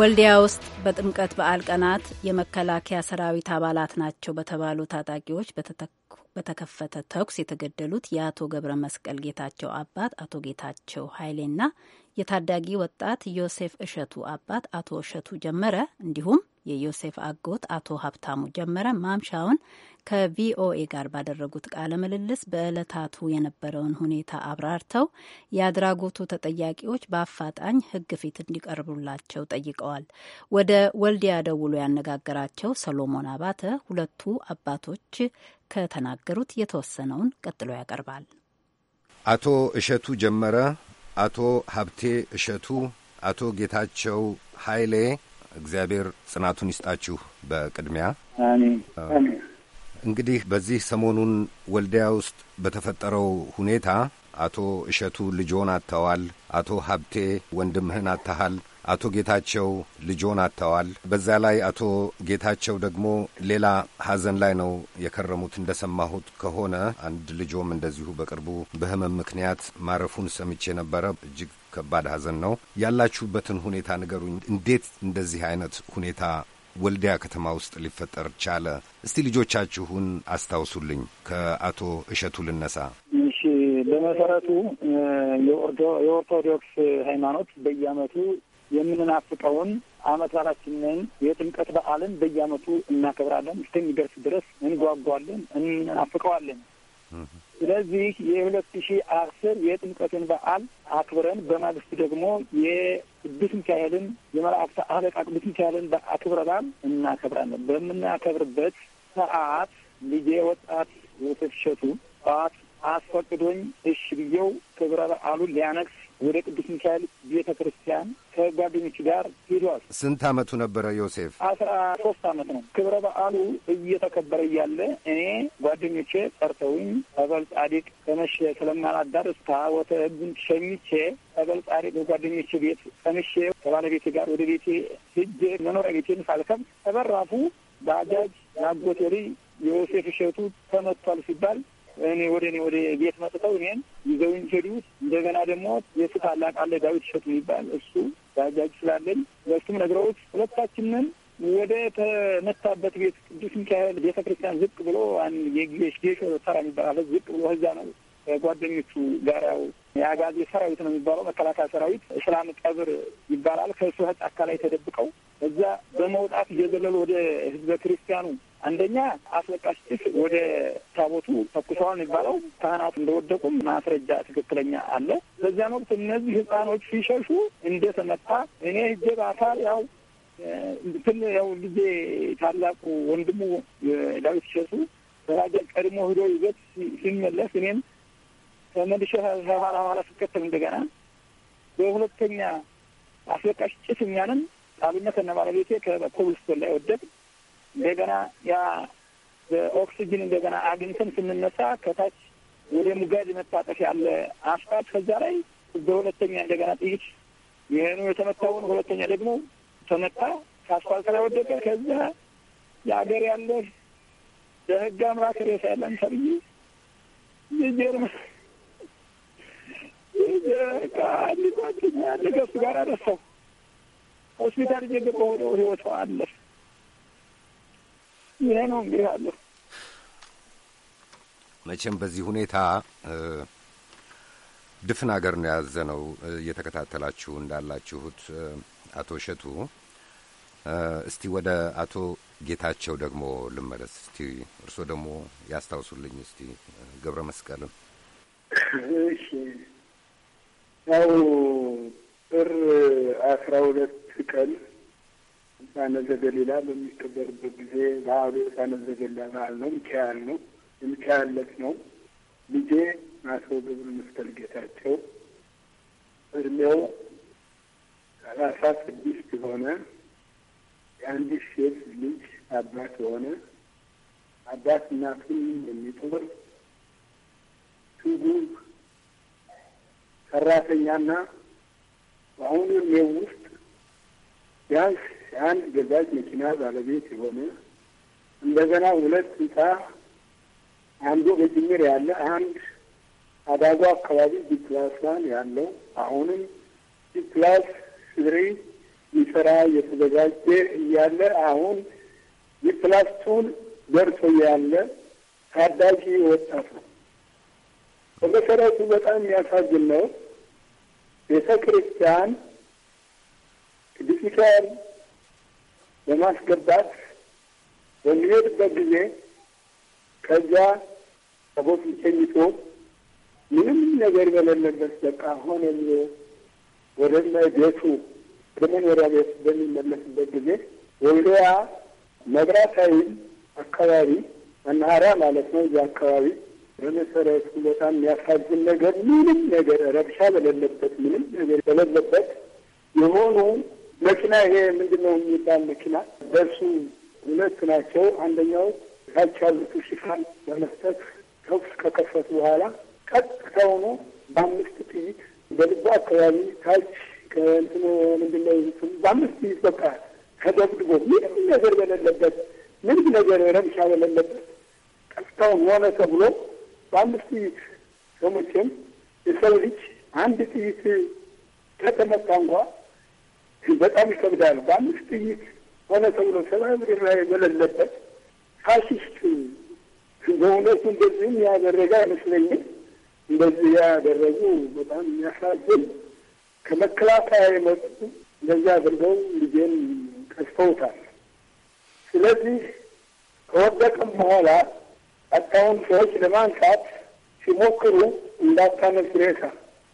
ወልዲያ ውስጥ በጥምቀት በዓል ቀናት የመከላከያ ሰራዊት አባላት ናቸው በተባሉ ታጣቂዎች በተከፈተ ተኩስ የተገደሉት የአቶ ገብረ መስቀል ጌታቸው አባት አቶ ጌታቸው ኃይሌና የታዳጊ ወጣት ዮሴፍ እሸቱ አባት አቶ እሸቱ ጀመረ እንዲሁም የዮሴፍ አጎት አቶ ሀብታሙ ጀመረ ማምሻውን ከቪኦኤ ጋር ባደረጉት ቃለ ምልልስ በዕለታቱ የነበረውን ሁኔታ አብራርተው የአድራጎቱ ተጠያቂዎች በአፋጣኝ ሕግ ፊት እንዲቀርቡላቸው ጠይቀዋል። ወደ ወልዲያ ደውሎ ያነጋገራቸው ሰሎሞን አባተ ሁለቱ አባቶች ከተናገሩት የተወሰነውን ቀጥሎ ያቀርባል። አቶ እሸቱ ጀመረ አቶ ሀብቴ እሸቱ፣ አቶ ጌታቸው ኃይሌ እግዚአብሔር ጽናቱን ይስጣችሁ። በቅድሚያ እንግዲህ በዚህ ሰሞኑን ወልዲያ ውስጥ በተፈጠረው ሁኔታ አቶ እሸቱ ልጆን አጥተዋል። አቶ ሀብቴ ወንድምህን አጥተሃል። አቶ ጌታቸው ልጆን አጥተዋል። በዛ ላይ አቶ ጌታቸው ደግሞ ሌላ ሀዘን ላይ ነው የከረሙት። እንደሰማሁት ከሆነ አንድ ልጆም እንደዚሁ በቅርቡ በህመም ምክንያት ማረፉን ሰምቼ ነበረ። እጅግ ከባድ ሀዘን ነው። ያላችሁበትን ሁኔታ ንገሩኝ። እንዴት እንደዚህ አይነት ሁኔታ ወልዲያ ከተማ ውስጥ ሊፈጠር ቻለ? እስቲ ልጆቻችሁን አስታውሱልኝ። ከአቶ እሸቱ ልነሳ። እሺ፣ በመሰረቱ የኦርቶዶክስ ሃይማኖት በየአመቱ። የምንናፍቀውን ዓመት በዓላችንን የጥምቀት በዓልን በየአመቱ እናከብራለን። እስከሚደርስ ድረስ እንጓጓለን፣ እንናፍቀዋለን። ስለዚህ የሁለት ሺህ አስር የጥምቀትን በዓል አክብረን በማግስት ደግሞ የቅዱስ ሚካኤልን የመላእክት አለቃ ቅዱስ ሚካኤልን አክብረናል፣ እናከብራለን። በምናከብርበት ሰዓት ልጄ ወጣት ወተትሸቱ ጠዋት አስፈቅዶኝ እሽ ብየው ክብረ በዓሉን ሊያነግስ ወደ ቅዱስ ሚካኤል ቤተ ክርስቲያን ከጓደኞች ጋር ሄደዋል። ስንት አመቱ ነበረ ዮሴፍ? አስራ ሶስት አመት ነው። ክብረ በዓሉ እየተከበረ እያለ እኔ ጓደኞቼ ጠርተውኝ ጠበል ጻዲቅ ከመሸ ስለማላዳር እስታ ወተ ህጉን ሸሚቼ ጠበል ጻዲቅ በጓደኞቼ ቤት ከመሸ ከባለቤቴ ጋር ወደ ቤቴ ሂጄ መኖሪያ ቤቴን ሳልከም ተበራፉ ባጃጅ ናጎቴሪ ልጅ የዮሴፍ እሸቱ ተመቷል ሲባል እኔ ወደ እኔ ወደ ቤት መጥተው እኔን ይዘውኝ ሄዱ። እንደገና ደግሞ የሱ ታላቅ አለ ዳዊት ሸጡ ይባል እሱ ዳጃጅ ስላለኝ በሱም ነግረውት ሁለታችንን ወደ ተመታበት ቤት ቅዱስ ሚካኤል ቤተ ክርስቲያን ዝቅ ብሎ አንድ የጊዜ ተራ የሚባል ዝቅ ብሎ እዛ ነው ጓደኞቹ ጋር ያው የአጋዜ ሰራዊት ነው የሚባለው መከላከያ ሰራዊት እስላም ቀብር ይባላል። ከእሱ ጫካ ላይ ተደብቀው እዛ በመውጣት እየዘለሉ ወደ ህዝበ ክርስቲያኑ አንደኛ አስለቃሽ ጭስ ወደ ታቦቱ ተኩሰዋል የሚባለው ካህናቱ እንደወደቁም ማስረጃ ትክክለኛ አለ። በዚያን ወቅት እነዚህ ህፃኖች ሲሸሹ እንደተመታ እኔ እጀ በአካል ያው እንትን ያው ልጄ ታላቁ ወንድሙ ዳዊት ሸሱ በሀገር ቀድሞ ሂዶ ይዘት ሲመለስ እኔም መልሼ ከኋላ ኋላ ስከተል እንደገና በሁለተኛ አስለቃሽ ጭስ እኛንም ጣሉና ከነ ባለቤቴ ከኮብልስቶን ላይ ወደቅን። እንደገና ያ በኦክሲጅን እንደገና አግኝተን ስንነሳ ከታች ወደ ሙጋዝ መታጠፍ ያለ አስፋልት ከዛ ላይ በሁለተኛ እንደገና ጥይት ይህኑ የተመታውን ሁለተኛ ደግሞ ተመታ፣ ከአስፋልት ላይ ወደቀ። ከዛ የአገር ያለህ ለህግ አምላክ ሬሳ ያለን ሰብይ የጀርመን አንድ ጓደኛ ጋር አነሳው። ሆስፒታል እየገባ ወደው ህይወቷ ይሄ ነው እንግዲህ መቼም በዚህ ሁኔታ ድፍን አገር ነው የያዘ ነው። እየተከታተላችሁ እንዳላችሁት አቶ እሸቱ፣ እስቲ ወደ አቶ ጌታቸው ደግሞ ልመለስ። እስቲ እርስዎ ደግሞ ያስታውሱልኝ እስቲ ገብረ መስቀልን። እሺ ያው ጥር አስራ ሁለት ቀን ሕፃነ ዘገሊላ በሚከበርበት ጊዜ በዓሉ ሕፃነ ዘገሊላ በዓል ነው። ሚካኤል ነው የሚካኤል ነው። ልጄ አቶ ገብረ መስቀል ጌታቸው እድሜው ሰላሳ ስድስት የሆነ የአንድ ሴት ልጅ አባት የሆነ አባት እናቱን የሚጦር ትጉህ ሰራተኛና በአሁኑ ሜው ውስጥ ቢያንስ የአንድ ገዛጅ መኪና ባለቤት የሆነ እንደገና ሁለት ህንፃ አንዱ በጅምር ያለ አንድ አዳጎ አካባቢ ቢፕላስ ዋን ያለው አሁንም ቢፕላስ ስሪ ሊሰራ እየተዘጋጀ እያለ አሁን ቢፕላስ ቱን ደርሶ ያለ ታዳጊ ወጣት ነው። በመሰረቱ በጣም የሚያሳዝን ነው። ቤተ ክርስቲያን ቅዱስ ሚካኤል በማስገባት በሚሄድበት ጊዜ ከዚያ ከቦቱ ቸኝቶ ምንም ነገር በሌለበት በቃ ሆነ ብሎ ወደ ቤቱ ከመኖሪያ ቤት በሚመለስበት ጊዜ ወልዲያ መብራታዊም አካባቢ መናኸሪያ ማለት ነው። እዚያ አካባቢ በመሰረቱ በጣም የሚያሳዝን ነገር ምንም ነገር ረብሻ በሌለበት ምንም ነገር በሌለበት የሆኑ መኪና ይሄ ምንድን ነው የሚባል መኪና በእሱ ሁለት ናቸው። አንደኛው ታች ያሉት ሽፋን በመስጠት ተኩስ ከከፈቱ በኋላ ቀጥታውኑ በአምስት ጥይት በልቡ አካባቢ ታች ከእንትኑ ምንድን ነው በአምስት ጥይት በቃ ተደብድቦ ምንም ነገር በሌለበት ምንም ነገር ረብሻ በሌለበት ቀጥታውን ሆነ ተብሎ በአምስት ጥይት ከመቼም የሰው ልጅ አንድ ጥይት ከተመታ እንኳ በጣም ይከብዳል። በአምስት ጥይት ሆነ ተብሎ ሰብአዊ ምድር ላይ የበለለበት ፋሽስት በእውነቱ እንደዚህም ያደረገ አይመስለኝም። እንደዚህ ያደረጉ በጣም የሚያሳዝን ከመከላከያ የመጡ እንደዚህ አድርገው ልጄን ቀስፈውታል። ስለዚህ ከወደቀም በኋላ አቃውን ሰዎች ለማንሳት ሲሞክሩ እንዳታነሱ ሬሳ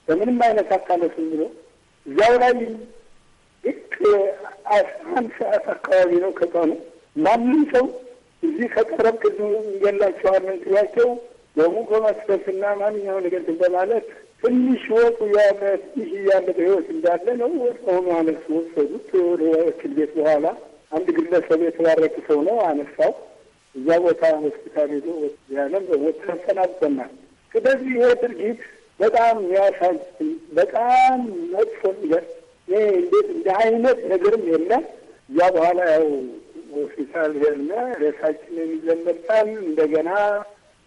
በምንም አይነት አታነሱ ብሎ እዚያው ላይ ልክ አስራአንድ ሰዓት አካባቢ ነው ከቀኑ ማንም ሰው እዚህ ከቀረብ ቅዱ እንገላቸዋለን ሲሏቸው ደሙ በማስፈስና ማንኛው ነገር በማለት ትንሽ ወጡ ያለ ትንሽ እያለ በህይወት እንዳለ ነው ወጥተው አነሱ ወሰዱት ወደ ወኪል ቤት በኋላ አንድ ግለሰብ የተባረከ ሰው ነው አነሳው እዛ ቦታ ሆስፒታል ሄዶ ያለም ሰዎች ተሰናብተናል። ስለዚህ ይሄ ድርጊት በጣም የሚያሳይ በጣም መጥፎ ነገር እንዴት እንደ አይነት ነገርም የለም። እዛ በኋላ ያው ሆስፒታል ሄድና ሬሳችን ይዘን እንደገና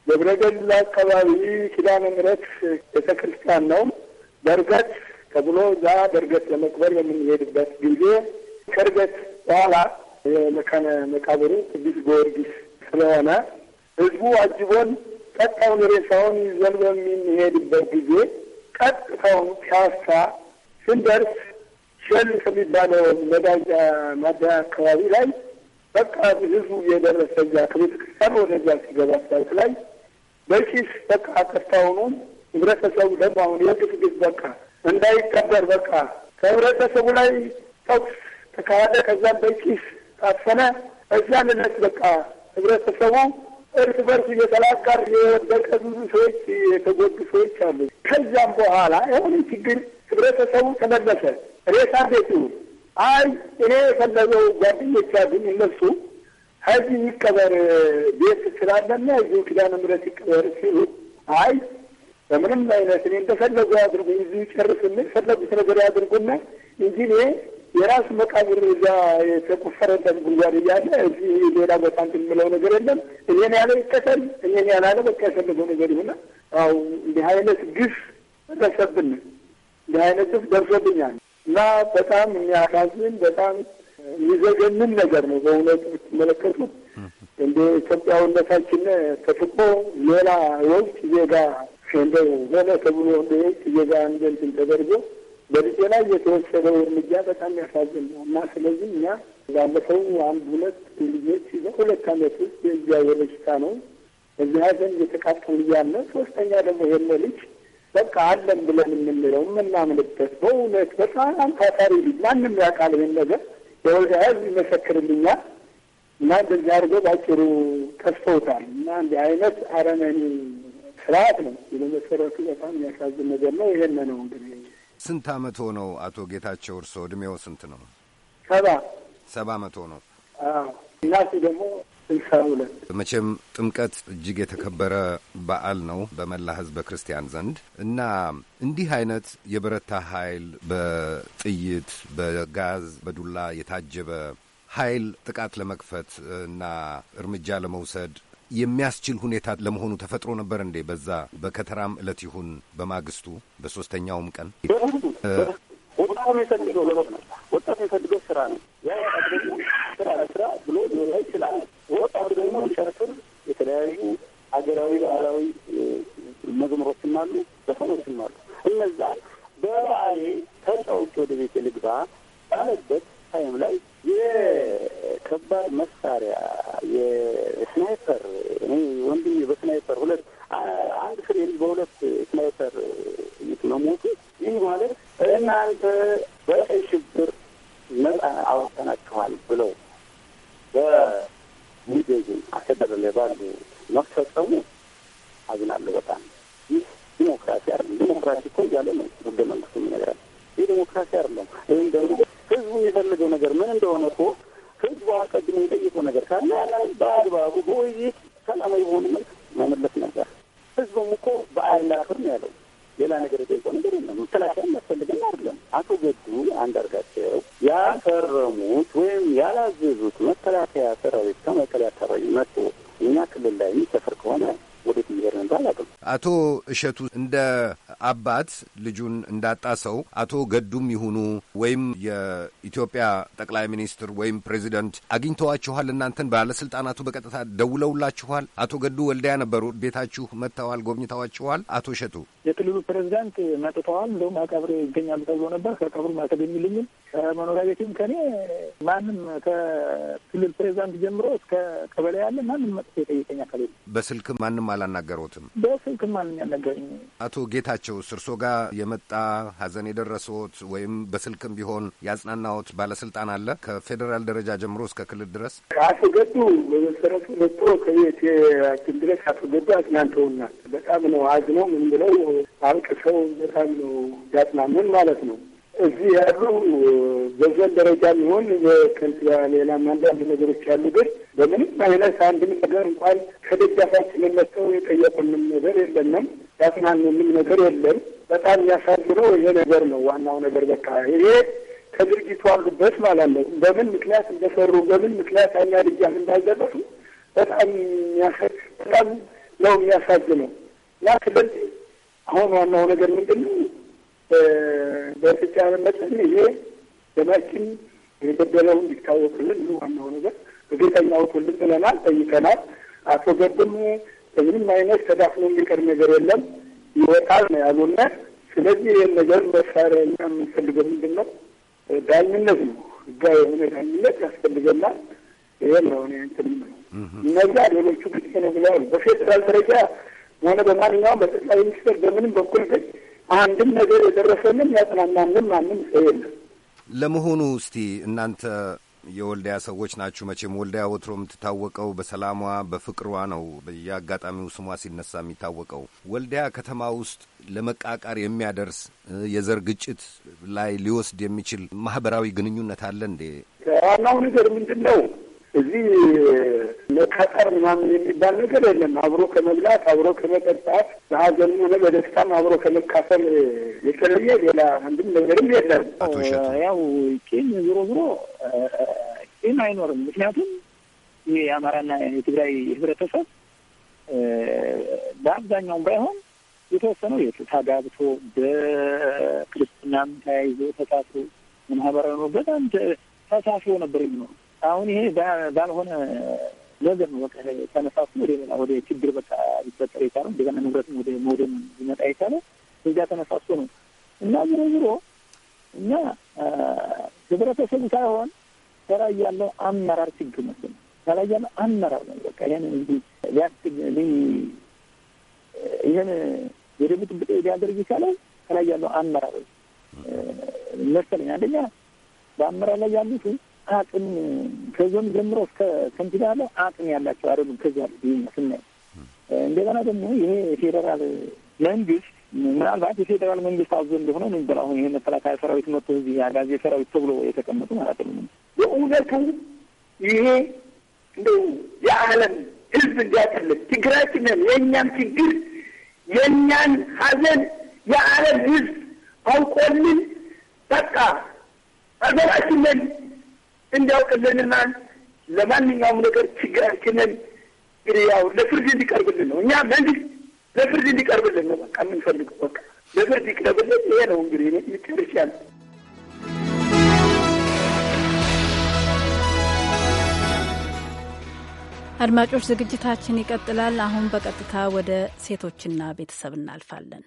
ደብረገል አካባቢ ኪዳነ ምሕረት ቤተ ክርስቲያን ነው በእርገት ተብሎ እዛ በእርገት ለመቅበር የምንሄድበት ጊዜ ከእርገት በኋላ የመካነ መቃብሩ ቅዱስ ጊዮርጊስ ስለሆነ ህዝቡ አጅቦን ቀጣውን ሬሳውን ይዘን በሚሄድበት ጊዜ ቀጥታውን ፒያሳ ስንደርስ ሸል ከሚባለው መዳጃ ማደያ አካባቢ ላይ በቃ ህዝቡ እየደረሰ እዛ ከቤተክርስቲያን ወደዛ ሲገባ ሳይት ላይ በኪስ በቃ ቀጥታውኑን ህብረተሰቡ ደግሞ አሁን የግፍግፍ በቃ እንዳይቀበር በቃ ከህብረተሰቡ ላይ ተኩስ ተካሄደ። ከዛም በኪስ ታፈነ። እዛን ዕለት በቃ ህብረተሰቡ እርስ በርስ እየተላቀር የወደቀ ብዙ ሰዎች የተጎዱ ሰዎች አሉ። ከዚያም በኋላ ይሁን ችግር ህብረተሰቡ ተመለሰ። ሬሳ ቤቱ አይ እኔ የፈለገው ጓደኞች አሉኝ እነሱ ከዚህ ይቀበር ቤት ስላለና እዚሁ ኪዳነ ምሕረት ይቀበር ሲሉ አይ በምንም አይነት እኔ እንደፈለጉ አድርጉኝ እዚሁ ጨርስ የፈለጉት ነገር ያድርጉና እንጂ እኔ የራስ መቃብር እዛ የተቆፈረለት ጉድጓድ እያለ እዚህ ሌላ ቦታ እንትን የምለው ነገር የለም። እኔን ያለ ይከተል፣ እኔን ያላለ በቃ የፈለገው ነገር ይሁና። አው እንዲህ አይነት ግፍ ደርሰብን፣ እንዲህ አይነት ግፍ ደርሶብኛል እና በጣም የሚያሳዝን በጣም የሚዘገንን ነገር ነው በእውነት የምትመለከቱት እንደ ኢትዮጵያዊነታችን ተፍቆ ሌላ የውጭ ዜጋ እንደ ሆነ ተብሎ እንደ የውጭ ዜጋ እንደ እንትን ተደርጎ በልጄ ላይ የተወሰደው እርምጃ በጣም ያሳዝን ነው እና ስለዚህ እኛ ባለፈው አንድ ሁለት ልጆች በሁለት አመት ውስጥ የዚያ የበሽታ ነው እዚህ ሀዘን እየተቃጠሉ እያለ ሶስተኛ ደግሞ የለ ልጅ በቃ አለን ብለን የምንለው የምናምንበት በእውነት በጣም ታታሪ ልጅ ማንም ያውቃል ይህን ነገር የወልዳ ህዝብ ይመሰክርልኛል እና እንደዚህ አድርገው ባጭሩ ተስፈውታል እና እንዲህ አይነት አረመኔ ስርዓት ነው የመሰረቱ በጣም የሚያሳዝን ነገር ነው። ይሄን ነው እንግዲህ ስንት ዓመት ሆነው አቶ ጌታቸው እርስዎ? እድሜው ስንት ነው? ሰባ ሰባ ዓመት ሆነው እናቱ ደግሞ ስልሳ ሁለት መቼም ጥምቀት እጅግ የተከበረ በዓል ነው በመላ ሕዝበ ክርስቲያን ዘንድ እና እንዲህ አይነት የበረታ ኃይል በጥይት በጋዝ በዱላ የታጀበ ኃይል ጥቃት ለመክፈት እና እርምጃ ለመውሰድ የሚያስችል ሁኔታ ለመሆኑ ተፈጥሮ ነበር እንዴ? በዛ በከተራም እለት ይሁን በማግስቱ በሶስተኛውም ቀን ወጣቱ የሚፈልገው ለውጥ ነው። ወጣቱ የሚፈልገው ስራ ነው። ያ ወጣቱ ስራ ስራ ብሎ ሊሆን ይችላል። ወጣቱ ደግሞ ሊጨርሱን የተለያዩ ሀገራዊ ባህላዊ መዝሙሮችም አሉ፣ ዘፈኖችም አሉ። እነዛ በበዓሌ ተጫውቼ ወደ ቤት ልግባ ባለበት ታይም ላይ የከባድ መሳሪያ የስናይፐር እኔ ወንድሜ በስናይፐር ሁለት አንድ ፍሬ በሁለት ስናይፐር መሞቱ ይህ ማለት እናንተ በቀይ ሽብር ነጻ አውጥተናችኋል ብለው በሚቤዝን አስተዳደር ላይ ባሉ መፈጸሙ አዝናለሁ በጣም ይህ ዲሞክራሲ አይደለም። ዲሞክራሲ እኮ እያለ ነው ህገ መንግስቱ የሚነግራል። ይህ ዲሞክራሲ አይደለም። ይህም ደግሞ ህዝቡ የሚፈልገው ነገር ምን እንደሆነ እኮ ህዝቡ አስቀድሞ የጠየቀው ነገር ካለ በአግባቡ በውይይት ሰላማዊ በሆኑ መልክ መመለስ ነበር። ህዝቡም እኮ በአይላ ፍር ነው ያለው። ሌላ ነገር የጠየቀው ነገር የለም። መከላከያ ያስፈልገን አይደለም። አቶ ገዱ አንዳርጋቸው ያፈረሙት ወይም ያላዘዙት መከላከያ ሰራዊት ከመከላከያ ሰራዊት መጥቶ እኛ ክልል ላይ የሚሰፍር ከሆነ ወዴት እየሄድን እንደ አላውቅም። አቶ እሸቱ እንደ አባት ልጁን እንዳጣ ሰው አቶ ገዱም ይሁኑ ወይም የኢትዮጵያ ጠቅላይ ሚኒስትር ወይም ፕሬዚደንት አግኝተዋችኋል? እናንተን ባለስልጣናቱ በቀጥታ ደውለውላችኋል? አቶ ገዱ ወልዳያ ነበሩ። ቤታችሁ መጥተዋል? ጎብኝተዋችኋል? አቶ እሸቱ የክልሉ ፕሬዚዳንት መጥተዋል። እንደውም አቀብሬ ይገኛሉ ተብሎ ነበር። ከቀብሩ ማተገኝልኝም ከመኖሪያ ቤትም ከኔ ማንም ከክልል ፕሬዚዳንት ጀምሮ እስከ ቀበሌ ያለ ማንም መጥቶ የጠየቀኝ አካል የለም። በስልክ ማንም አላናገሮትም። በስልክ ማንም ያናገረኝ አቶ ጌታቸው እርሶ ጋር የመጣ ሀዘን የደረሰዎት ወይም በስልክም ቢሆን ያጽናናዎት ባለስልጣን አለ? ከፌዴራል ደረጃ ጀምሮ እስከ ክልል ድረስ አቶ ገዱ በመሰረቱ መጥቶ ከቤታችን ድረስ አቶ ገዱ አጽናንተውናል። በጣም ነው አዝነው ምን ብለው አልቅሰው በጣም ነው ያጽናኑን ማለት ነው። እዚህ ያሉ በዘን ደረጃ የሚሆን የከንቲባ ሌላም አንዳንድ ነገሮች ያሉ፣ ግን በምንም አይነት አንድም ነገር እንኳን ከደጃፋችን መጥተው የጠየቁንም ነገር የለንም። ያስማንንም ነገር የለም። በጣም የሚያሳዝነው ይሄ ነገር ነው። ዋናው ነገር በቃ ይሄ ከድርጊቱ አሉበት ማለት ነው። በምን ምክንያት እንደሰሩ በምን ምክንያት እኛ ድጃፍ እንዳልደረሱ በጣም በጣም ነው የሚያሳዝነው እና ስለዚህ አሁን ዋናው ነገር ምንድን ነው በኢትዮጵያውያን መጠን ይሄ ደማችን የገደለው እንዲታወቅልን ዋናው ነገር በጌታ ያውቁልን ብለናል፣ ጠይቀናል። አቶ ገብም በምንም አይነት ተዳፍኖ የሚቀር ነገር የለም ይወጣል ነው ያሉነ። ስለዚህ ይህን ነገር መሳሪያ እኛ የምንፈልገው ምንድን ነው? ዳኝነት ነው። ህጋዊ የሆነ ዳኝነት ያስፈልገናል። ይህን ለሆነ ንትም ነው። እነዚያ ሌሎቹ ግጭ ነው ብለዋል። በፌዴራል ደረጃ ሆነ በማንኛውም በጠቅላይ ሚኒስትር በምንም በኩል ግን አንድም ነገር የደረሰንም ያጽናናንም ማንም ሰው የለም። ለመሆኑ እስቲ እናንተ የወልዲያ ሰዎች ናችሁ። መቼም ወልዲያ ወትሮ የምትታወቀው በሰላሟ በፍቅሯ ነው። በየአጋጣሚው ስሟ ሲነሳ የሚታወቀው ወልዲያ ከተማ ውስጥ ለመቃቃር የሚያደርስ የዘር ግጭት ላይ ሊወስድ የሚችል ማህበራዊ ግንኙነት አለ እንዴ? ዋናው ነገር ምንድን ነው? እዚህ መቃጠር ምናምን የሚባል ነገር የለም። አብሮ ከመብላት አብሮ ከመጠጣት በሀዘን ሆነ በደስታም አብሮ ከመካፈል የተለየ ሌላ አንድም ነገርም የለም። ያው ቂም ዞሮ ዞሮ ቂም አይኖርም። ምክንያቱም ይህ የአማራና የትግራይ ህብረተሰብ በአብዛኛውም ባይሆን የተወሰነው የት ጋብቶ በክርስትናም ተያይዞ ተሳስሮ ማህበራዊ ነው በጣም ተሳስሮ ነበር የሚኖሩ አሁን ይሄ ባልሆነ ነገር ነው በቃ ተነሳሱ ወደ ሌላ ወደ ችግር በቃ ሊፈጠር የቻለው እንደገና ንብረትም ወደ መውደም ሊመጣ የቻለው እዚያ ተነሳሱ ነው እና ዝሮ ዝሮ እኛ ህብረተሰቡ ሳይሆን ከላይ ያለው አመራር ችግር መስል ከላይ ያለው አመራር ነው በቃ ይህን እንግዲህ ሊያስግ ይህን ወደ ብጥብጥ ሊያደርግ ይቻላል ከላይ ያለው አመራር መሰለኝ። አንደኛ በአመራር ላይ ያሉት አቅም ከዞን ጀምሮ እስከ ከንቲባ ያለው አቅም ያላቸው አይደሉም። ከዚያ ስናይ እንደገና ደግሞ ይሄ የፌዴራል መንግስት ምናልባት የፌዴራል መንግስት አዞ እንደሆነ ነው ነበር። አሁን ይሄ መከላከያ ሰራዊት መጥቶ እዚህ አጋዜ ሰራዊት ተብሎ የተቀመጡ ማለት ነው። በእውነቱ ይሄ እንደው የዓለም ህዝብ እንዲያቀልን ችግራችንን፣ የእኛም ችግር የእኛን ሀዘን የዓለም ህዝብ አውቆልን በቃ ሀገራችንን እንዲያውቅልንና ለማንኛውም ነገር ችግራችንን እንግዲህ ያው ለፍርድ እንዲቀርብልን ነው። እኛ መንግስት ለፍርድ እንዲቀርብልን ነው በቃ የምንፈልገው። በቃ ለፍርድ ይቅረብልን። ይሄ ነው እንግዲህ ትምህርት ያለ አድማጮች፣ ዝግጅታችን ይቀጥላል። አሁን በቀጥታ ወደ ሴቶችና ቤተሰብ እናልፋለን።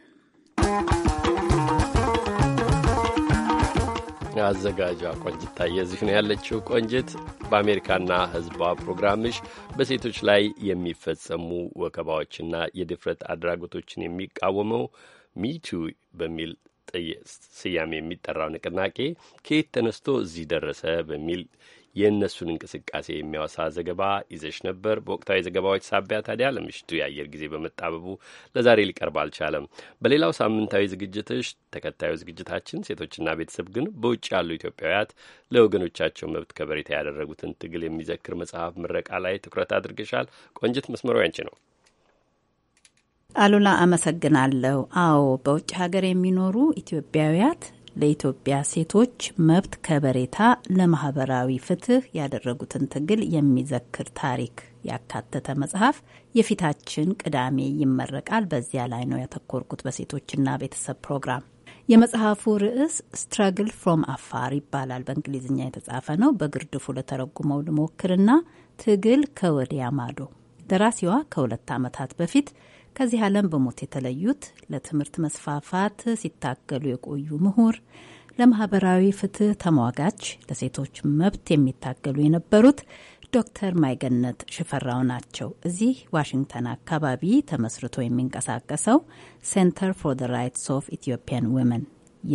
አዘጋጇ ቆንጅት ታየ እዚህ ነው ያለችው። ቆንጅት በአሜሪካና ህዝቧ ፕሮግራምሽ በሴቶች ላይ የሚፈጸሙ ወከባዎችና የድፍረት አድራጎቶችን የሚቃወመው ሚቱ በሚል ስያሜ የሚጠራው ንቅናቄ ከየት ተነስቶ እዚህ ደረሰ በሚል የእነሱን እንቅስቃሴ የሚያወሳ ዘገባ ይዘሽ ነበር። በወቅታዊ ዘገባዎች ሳቢያ ታዲያ ለምሽቱ የአየር ጊዜ በመጣበቡ ለዛሬ ሊቀርብ አልቻለም። በሌላው ሳምንታዊ ዝግጅትሽ ተከታዩ ዝግጅታችን ሴቶችና ቤተሰብ ግን በውጭ ያሉ ኢትዮጵያውያት ለወገኖቻቸው መብት ከበሬታ ያደረጉትን ትግል የሚዘክር መጽሐፍ ምረቃ ላይ ትኩረት አድርገሻል። ቆንጅት፣ መስመሩ ያንቺ ነው። አሉላ፣ አመሰግናለሁ። አዎ በውጭ ሀገር የሚኖሩ ኢትዮጵያውያት ለኢትዮጵያ ሴቶች መብት ከበሬታ ለማህበራዊ ፍትህ ያደረጉትን ትግል የሚዘክር ታሪክ ያካተተ መጽሐፍ የፊታችን ቅዳሜ ይመረቃል። በዚያ ላይ ነው ያተኮርኩት በሴቶችና ቤተሰብ ፕሮግራም። የመጽሐፉ ርዕስ ስትራግል ፍሮም አፋር ይባላል። በእንግሊዝኛ የተጻፈ ነው። በግርድፉ ለተረጉመው ልሞክርና ትግል ከወዲያ ማዶ ደራሲዋ ከሁለት ዓመታት በፊት ከዚህ ዓለም በሞት የተለዩት ለትምህርት መስፋፋት ሲታገሉ የቆዩ ምሁር፣ ለማህበራዊ ፍትህ ተሟጋች፣ ለሴቶች መብት የሚታገሉ የነበሩት ዶክተር ማይገነት ሽፈራው ናቸው። እዚህ ዋሽንግተን አካባቢ ተመስርቶ የሚንቀሳቀሰው ሴንተር ፎር ዘ ራይትስ ኦፍ ኢትዮጵያን ወመን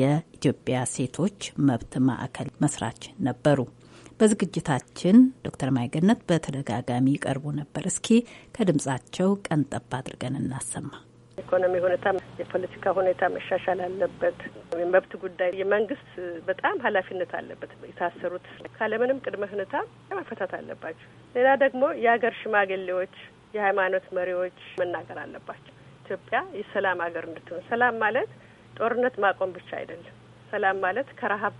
የኢትዮጵያ ሴቶች መብት ማዕከል መስራች ነበሩ። በዝግጅታችን ዶክተር ማይገነት በተደጋጋሚ ይቀርቡ ነበር። እስኪ ከድምጻቸው ቀንጠባ አድርገን እናሰማ። ኢኮኖሚ ሁኔታ፣ የፖለቲካ ሁኔታ መሻሻል አለበት። የመብት ጉዳይ የመንግስት በጣም ኃላፊነት አለበት። የታሰሩት ካለምንም ቅድመ ሁኔታ መፈታት አለባቸው። ሌላ ደግሞ የሀገር ሽማግሌዎች፣ የሃይማኖት መሪዎች መናገር አለባቸው። ኢትዮጵያ የሰላም ሀገር እንድትሆን ሰላም ማለት ጦርነት ማቆም ብቻ አይደለም። ሰላም ማለት ከረሀብ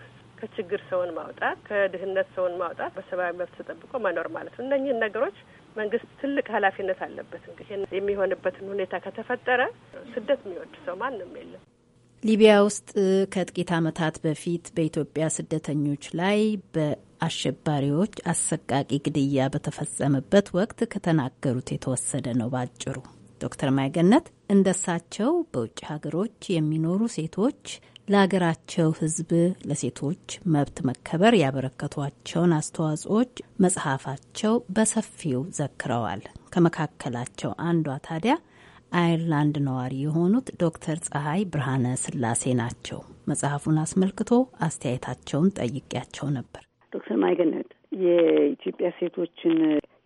ከችግር ሰውን ማውጣት፣ ከድህነት ሰውን ማውጣት፣ በሰብአዊ መብት ተጠብቆ መኖር ማለት ነው። እነኚህን ነገሮች መንግስት ትልቅ ኃላፊነት አለበት። እንግዲህ የሚሆንበትን ሁኔታ ከተፈጠረ ስደት የሚወድ ሰው ማንም የለም። ሊቢያ ውስጥ ከጥቂት ዓመታት በፊት በኢትዮጵያ ስደተኞች ላይ በአሸባሪዎች አሰቃቂ ግድያ በተፈጸመበት ወቅት ከተናገሩት የተወሰደ ነው በአጭሩ። ዶክተር ማይገነት እንደሳቸው በውጭ ሀገሮች የሚኖሩ ሴቶች ለሀገራቸው ሕዝብ ለሴቶች መብት መከበር ያበረከቷቸውን አስተዋጽኦዎች መጽሐፋቸው በሰፊው ዘክረዋል። ከመካከላቸው አንዷ ታዲያ አይርላንድ ነዋሪ የሆኑት ዶክተር ፀሐይ ብርሃነ ስላሴ ናቸው። መጽሐፉን አስመልክቶ አስተያየታቸውን ጠይቄያቸው ነበር። ዶክተር ማይገነት የኢትዮጵያ ሴቶችን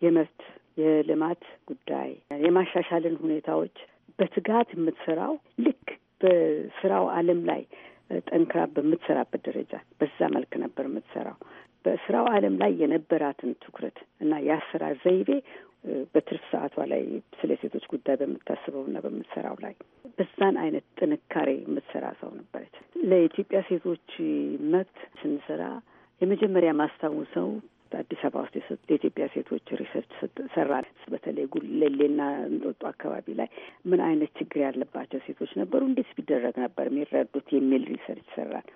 የመብት የልማት ጉዳይ የማሻሻልን ሁኔታዎች በትጋት የምትሰራው ልክ በስራው ዓለም ላይ ጠንክራ በምትሰራበት ደረጃ በዛ መልክ ነበር የምትሰራው። በስራው አለም ላይ የነበራትን ትኩረት እና የአሰራር ዘይቤ በትርፍ ሰዓቷ ላይ ስለ ሴቶች ጉዳይ በምታስበውና በምትሰራው ላይ በዛን አይነት ጥንካሬ የምትሰራ ሰው ነበረች። ለኢትዮጵያ ሴቶች መብት ስንሰራ የመጀመሪያ ማስታውሰው አዲስ አበባ ውስጥ የኢትዮጵያ ሴቶች ሪሰርች ሰራ። በተለይ ጉሌሌና እንጦጦ አካባቢ ላይ ምን አይነት ችግር ያለባቸው ሴቶች ነበሩ፣ እንዴት ቢደረግ ነበር የሚረዱት የሚል ሪሰርች ሰራል።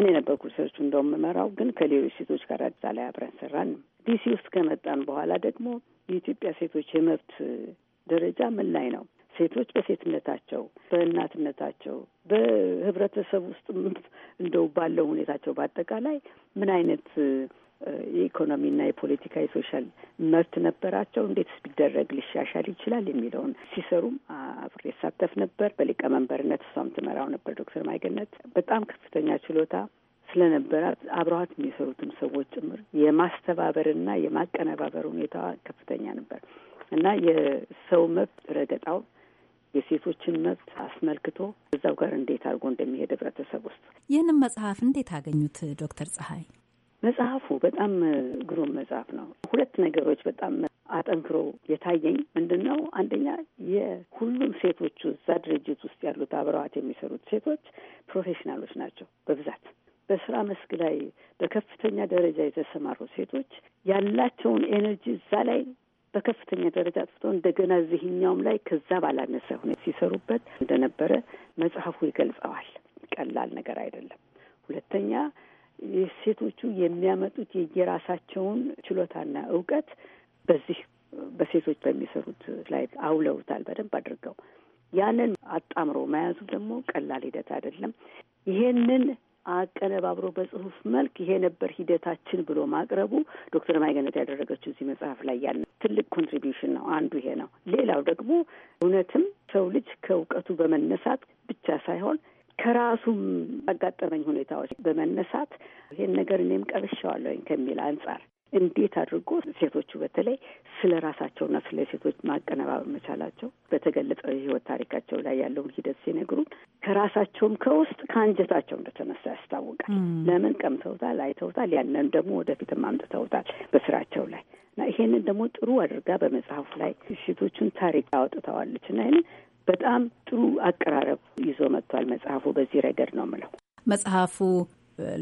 እኔ ነበርኩ ሪሰርቹ እንደውም መራው፣ ግን ከሌሎች ሴቶች ጋር አዲስ ላይ አብረን ሰራን። ዲሲ ውስጥ ከመጣን በኋላ ደግሞ የኢትዮጵያ ሴቶች የመብት ደረጃ ምን ላይ ነው? ሴቶች በሴትነታቸው፣ በእናትነታቸው፣ በህብረተሰብ ውስጥ እንደው ባለው ሁኔታቸው በአጠቃላይ ምን አይነት የኢኮኖሚና የፖለቲካ የሶሻል መብት ነበራቸው። እንዴት ቢደረግ ሊሻሻል ይችላል የሚለውን ሲሰሩም አብሬ ይሳተፍ ነበር። በሊቀመንበርነት እሷም ትመራው ነበር። ዶክተር ማይገነት በጣም ከፍተኛ ችሎታ ስለነበራት አብረዋት የሚሰሩትም ሰዎች ጭምር የማስተባበርና የማቀነባበር ሁኔታ ከፍተኛ ነበር እና የሰው መብት ረገጣው የሴቶችን መብት አስመልክቶ እዛው ጋር እንዴት አድርጎ እንደሚሄድ ህብረተሰብ ውስጥ ይህንን መጽሐፍ እንዴት አገኙት ዶክተር ፀሐይ? መጽሐፉ በጣም ግሩም መጽሐፍ ነው። ሁለት ነገሮች በጣም አጠንክሮ የታየኝ ምንድን ነው? አንደኛ የሁሉም ሴቶቹ እዛ ድርጅት ውስጥ ያሉት አብረዋት የሚሰሩት ሴቶች ፕሮፌሽናሎች ናቸው በብዛት በስራ መስክ ላይ በከፍተኛ ደረጃ የተሰማሩ ሴቶች ያላቸውን ኤነርጂ እዛ ላይ በከፍተኛ ደረጃ አጥፍተው እንደገና እዚህኛውም ላይ ከዛ ባላነሰ ሁኔታ ሲሰሩበት እንደነበረ መጽሐፉ ይገልጸዋል። ቀላል ነገር አይደለም። ሁለተኛ ሴቶቹ የሚያመጡት የየራሳቸውን ችሎታና እውቀት በዚህ በሴቶች በሚሰሩት ላይ አውለውታል በደንብ አድርገው። ያንን አጣምሮ መያዙ ደግሞ ቀላል ሂደት አይደለም። ይሄንን አቀነባብሮ በጽሁፍ መልክ ይሄ ነበር ሂደታችን ብሎ ማቅረቡ ዶክተር ማይገነት ያደረገችው እዚህ መጽሐፍ ላይ ያለ ትልቅ ኮንትሪቢሽን ነው። አንዱ ይሄ ነው። ሌላው ደግሞ እውነትም ሰው ልጅ ከእውቀቱ በመነሳት ብቻ ሳይሆን ከራሱም ያጋጠመኝ ሁኔታዎች በመነሳት ይህን ነገር እኔም ቀብሻዋለሁኝ ከሚል አንጻር እንዴት አድርጎ ሴቶቹ በተለይ ስለ ራሳቸውና ስለ ሴቶች ማቀነባበ መቻላቸው በተገለጸው የህይወት ታሪካቸው ላይ ያለውን ሂደት ሲነግሩን ከራሳቸውም ከውስጥ ከአንጀታቸው እንደተነሳ ያስታውቃል። ለምን ቀምተውታል፣ አይተውታል። ያንን ደግሞ ወደፊትም አምጥተውታል በስራቸው ላይ እና ይሄንን ደግሞ ጥሩ አድርጋ በመጽሐፉ ላይ ሴቶቹን ታሪክ አወጥተዋለች እና ይህንን በጣም ጥሩ አቀራረብ ይዞ መጥቷል መጽሐፉ። በዚህ ረገድ ነው ምለው መጽሐፉ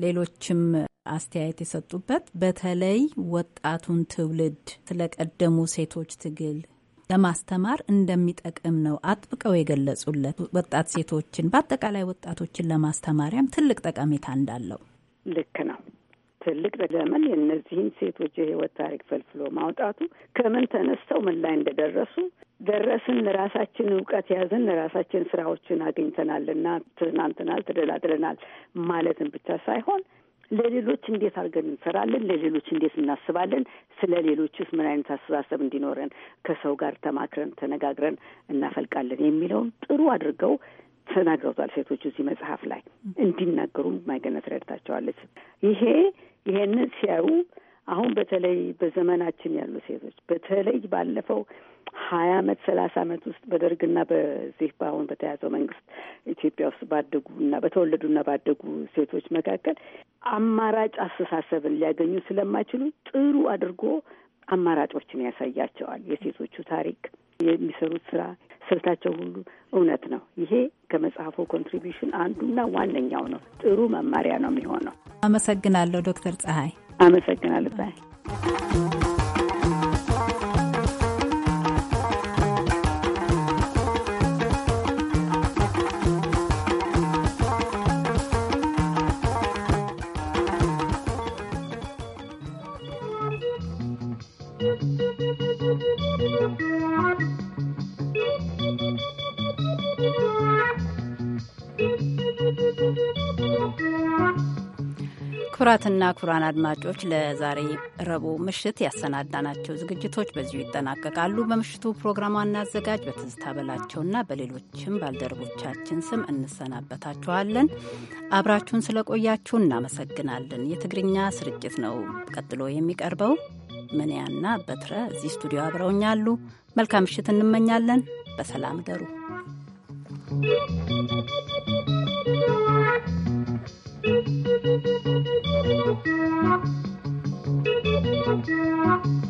ሌሎችም አስተያየት የሰጡበት በተለይ ወጣቱን ትውልድ ስለቀደሙ ሴቶች ትግል ለማስተማር እንደሚጠቅም ነው አጥብቀው የገለጹለት። ወጣት ሴቶችን በአጠቃላይ ወጣቶችን ለማስተማሪያም ትልቅ ጠቀሜታ እንዳለው ልክ ነው። ትልቅ ዘመን የእነዚህን ሴቶች የህይወት ታሪክ ፈልፍሎ ማውጣቱ ከምን ተነስተው ምን ላይ እንደደረሱ ደረስን ራሳችን እውቀት ያዝን ራሳችን ስራዎችን አግኝተናልና ትናንትናል ተደላድለናል ማለትን ብቻ ሳይሆን ለሌሎች እንዴት አድርገን እንሰራለን፣ ለሌሎች እንዴት እናስባለን፣ ስለ ሌሎችስ ምን አይነት አስተሳሰብ እንዲኖረን ከሰው ጋር ተማክረን ተነጋግረን እናፈልቃለን የሚለውን ጥሩ አድርገው ተናግረውታል ሴቶች እዚህ መጽሐፍ ላይ እንዲናገሩ ማይገነት ረድታቸዋለች። ይሄ ይሄንን ሲያዩ አሁን በተለይ በዘመናችን ያሉ ሴቶች በተለይ ባለፈው ሀያ አመት ሰላሳ አመት ውስጥ በደርግና በዚህ በአሁን በተያዘው መንግስት ኢትዮጵያ ውስጥ ባደጉና በተወለዱና ባደጉ ሴቶች መካከል አማራጭ አስተሳሰብን ሊያገኙ ስለማይችሉ ጥሩ አድርጎ አማራጮችን ያሳያቸዋል። የሴቶቹ ታሪክ፣ የሚሰሩት ስራ፣ ስልታቸው ሁሉ እውነት ነው። ይሄ ከመጽሐፉ ኮንትሪቢሽን አንዱና ዋነኛው ነው። ጥሩ መማሪያ ነው የሚሆነው። አመሰግናለሁ ዶክተር ፀሐይ አመሰግናለሁ። ክቡራትና ክቡራን አድማጮች ለዛሬ ረቡዕ ምሽት ያሰናዳናቸው ዝግጅቶች በዚሁ ይጠናቀቃሉ። በምሽቱ ፕሮግራሟ እናዘጋጅ በትዝታ በላቸውና በሌሎችም ባልደረቦቻችን ስም እንሰናበታችኋለን። አብራችሁን ስለቆያችሁ እናመሰግናለን። የትግርኛ ስርጭት ነው ቀጥሎ የሚቀርበው። ምንያና በትረ እዚህ ስቱዲዮ አብረውኛሉ። መልካም ምሽት እንመኛለን። በሰላም ደሩ Thank you. Thank you.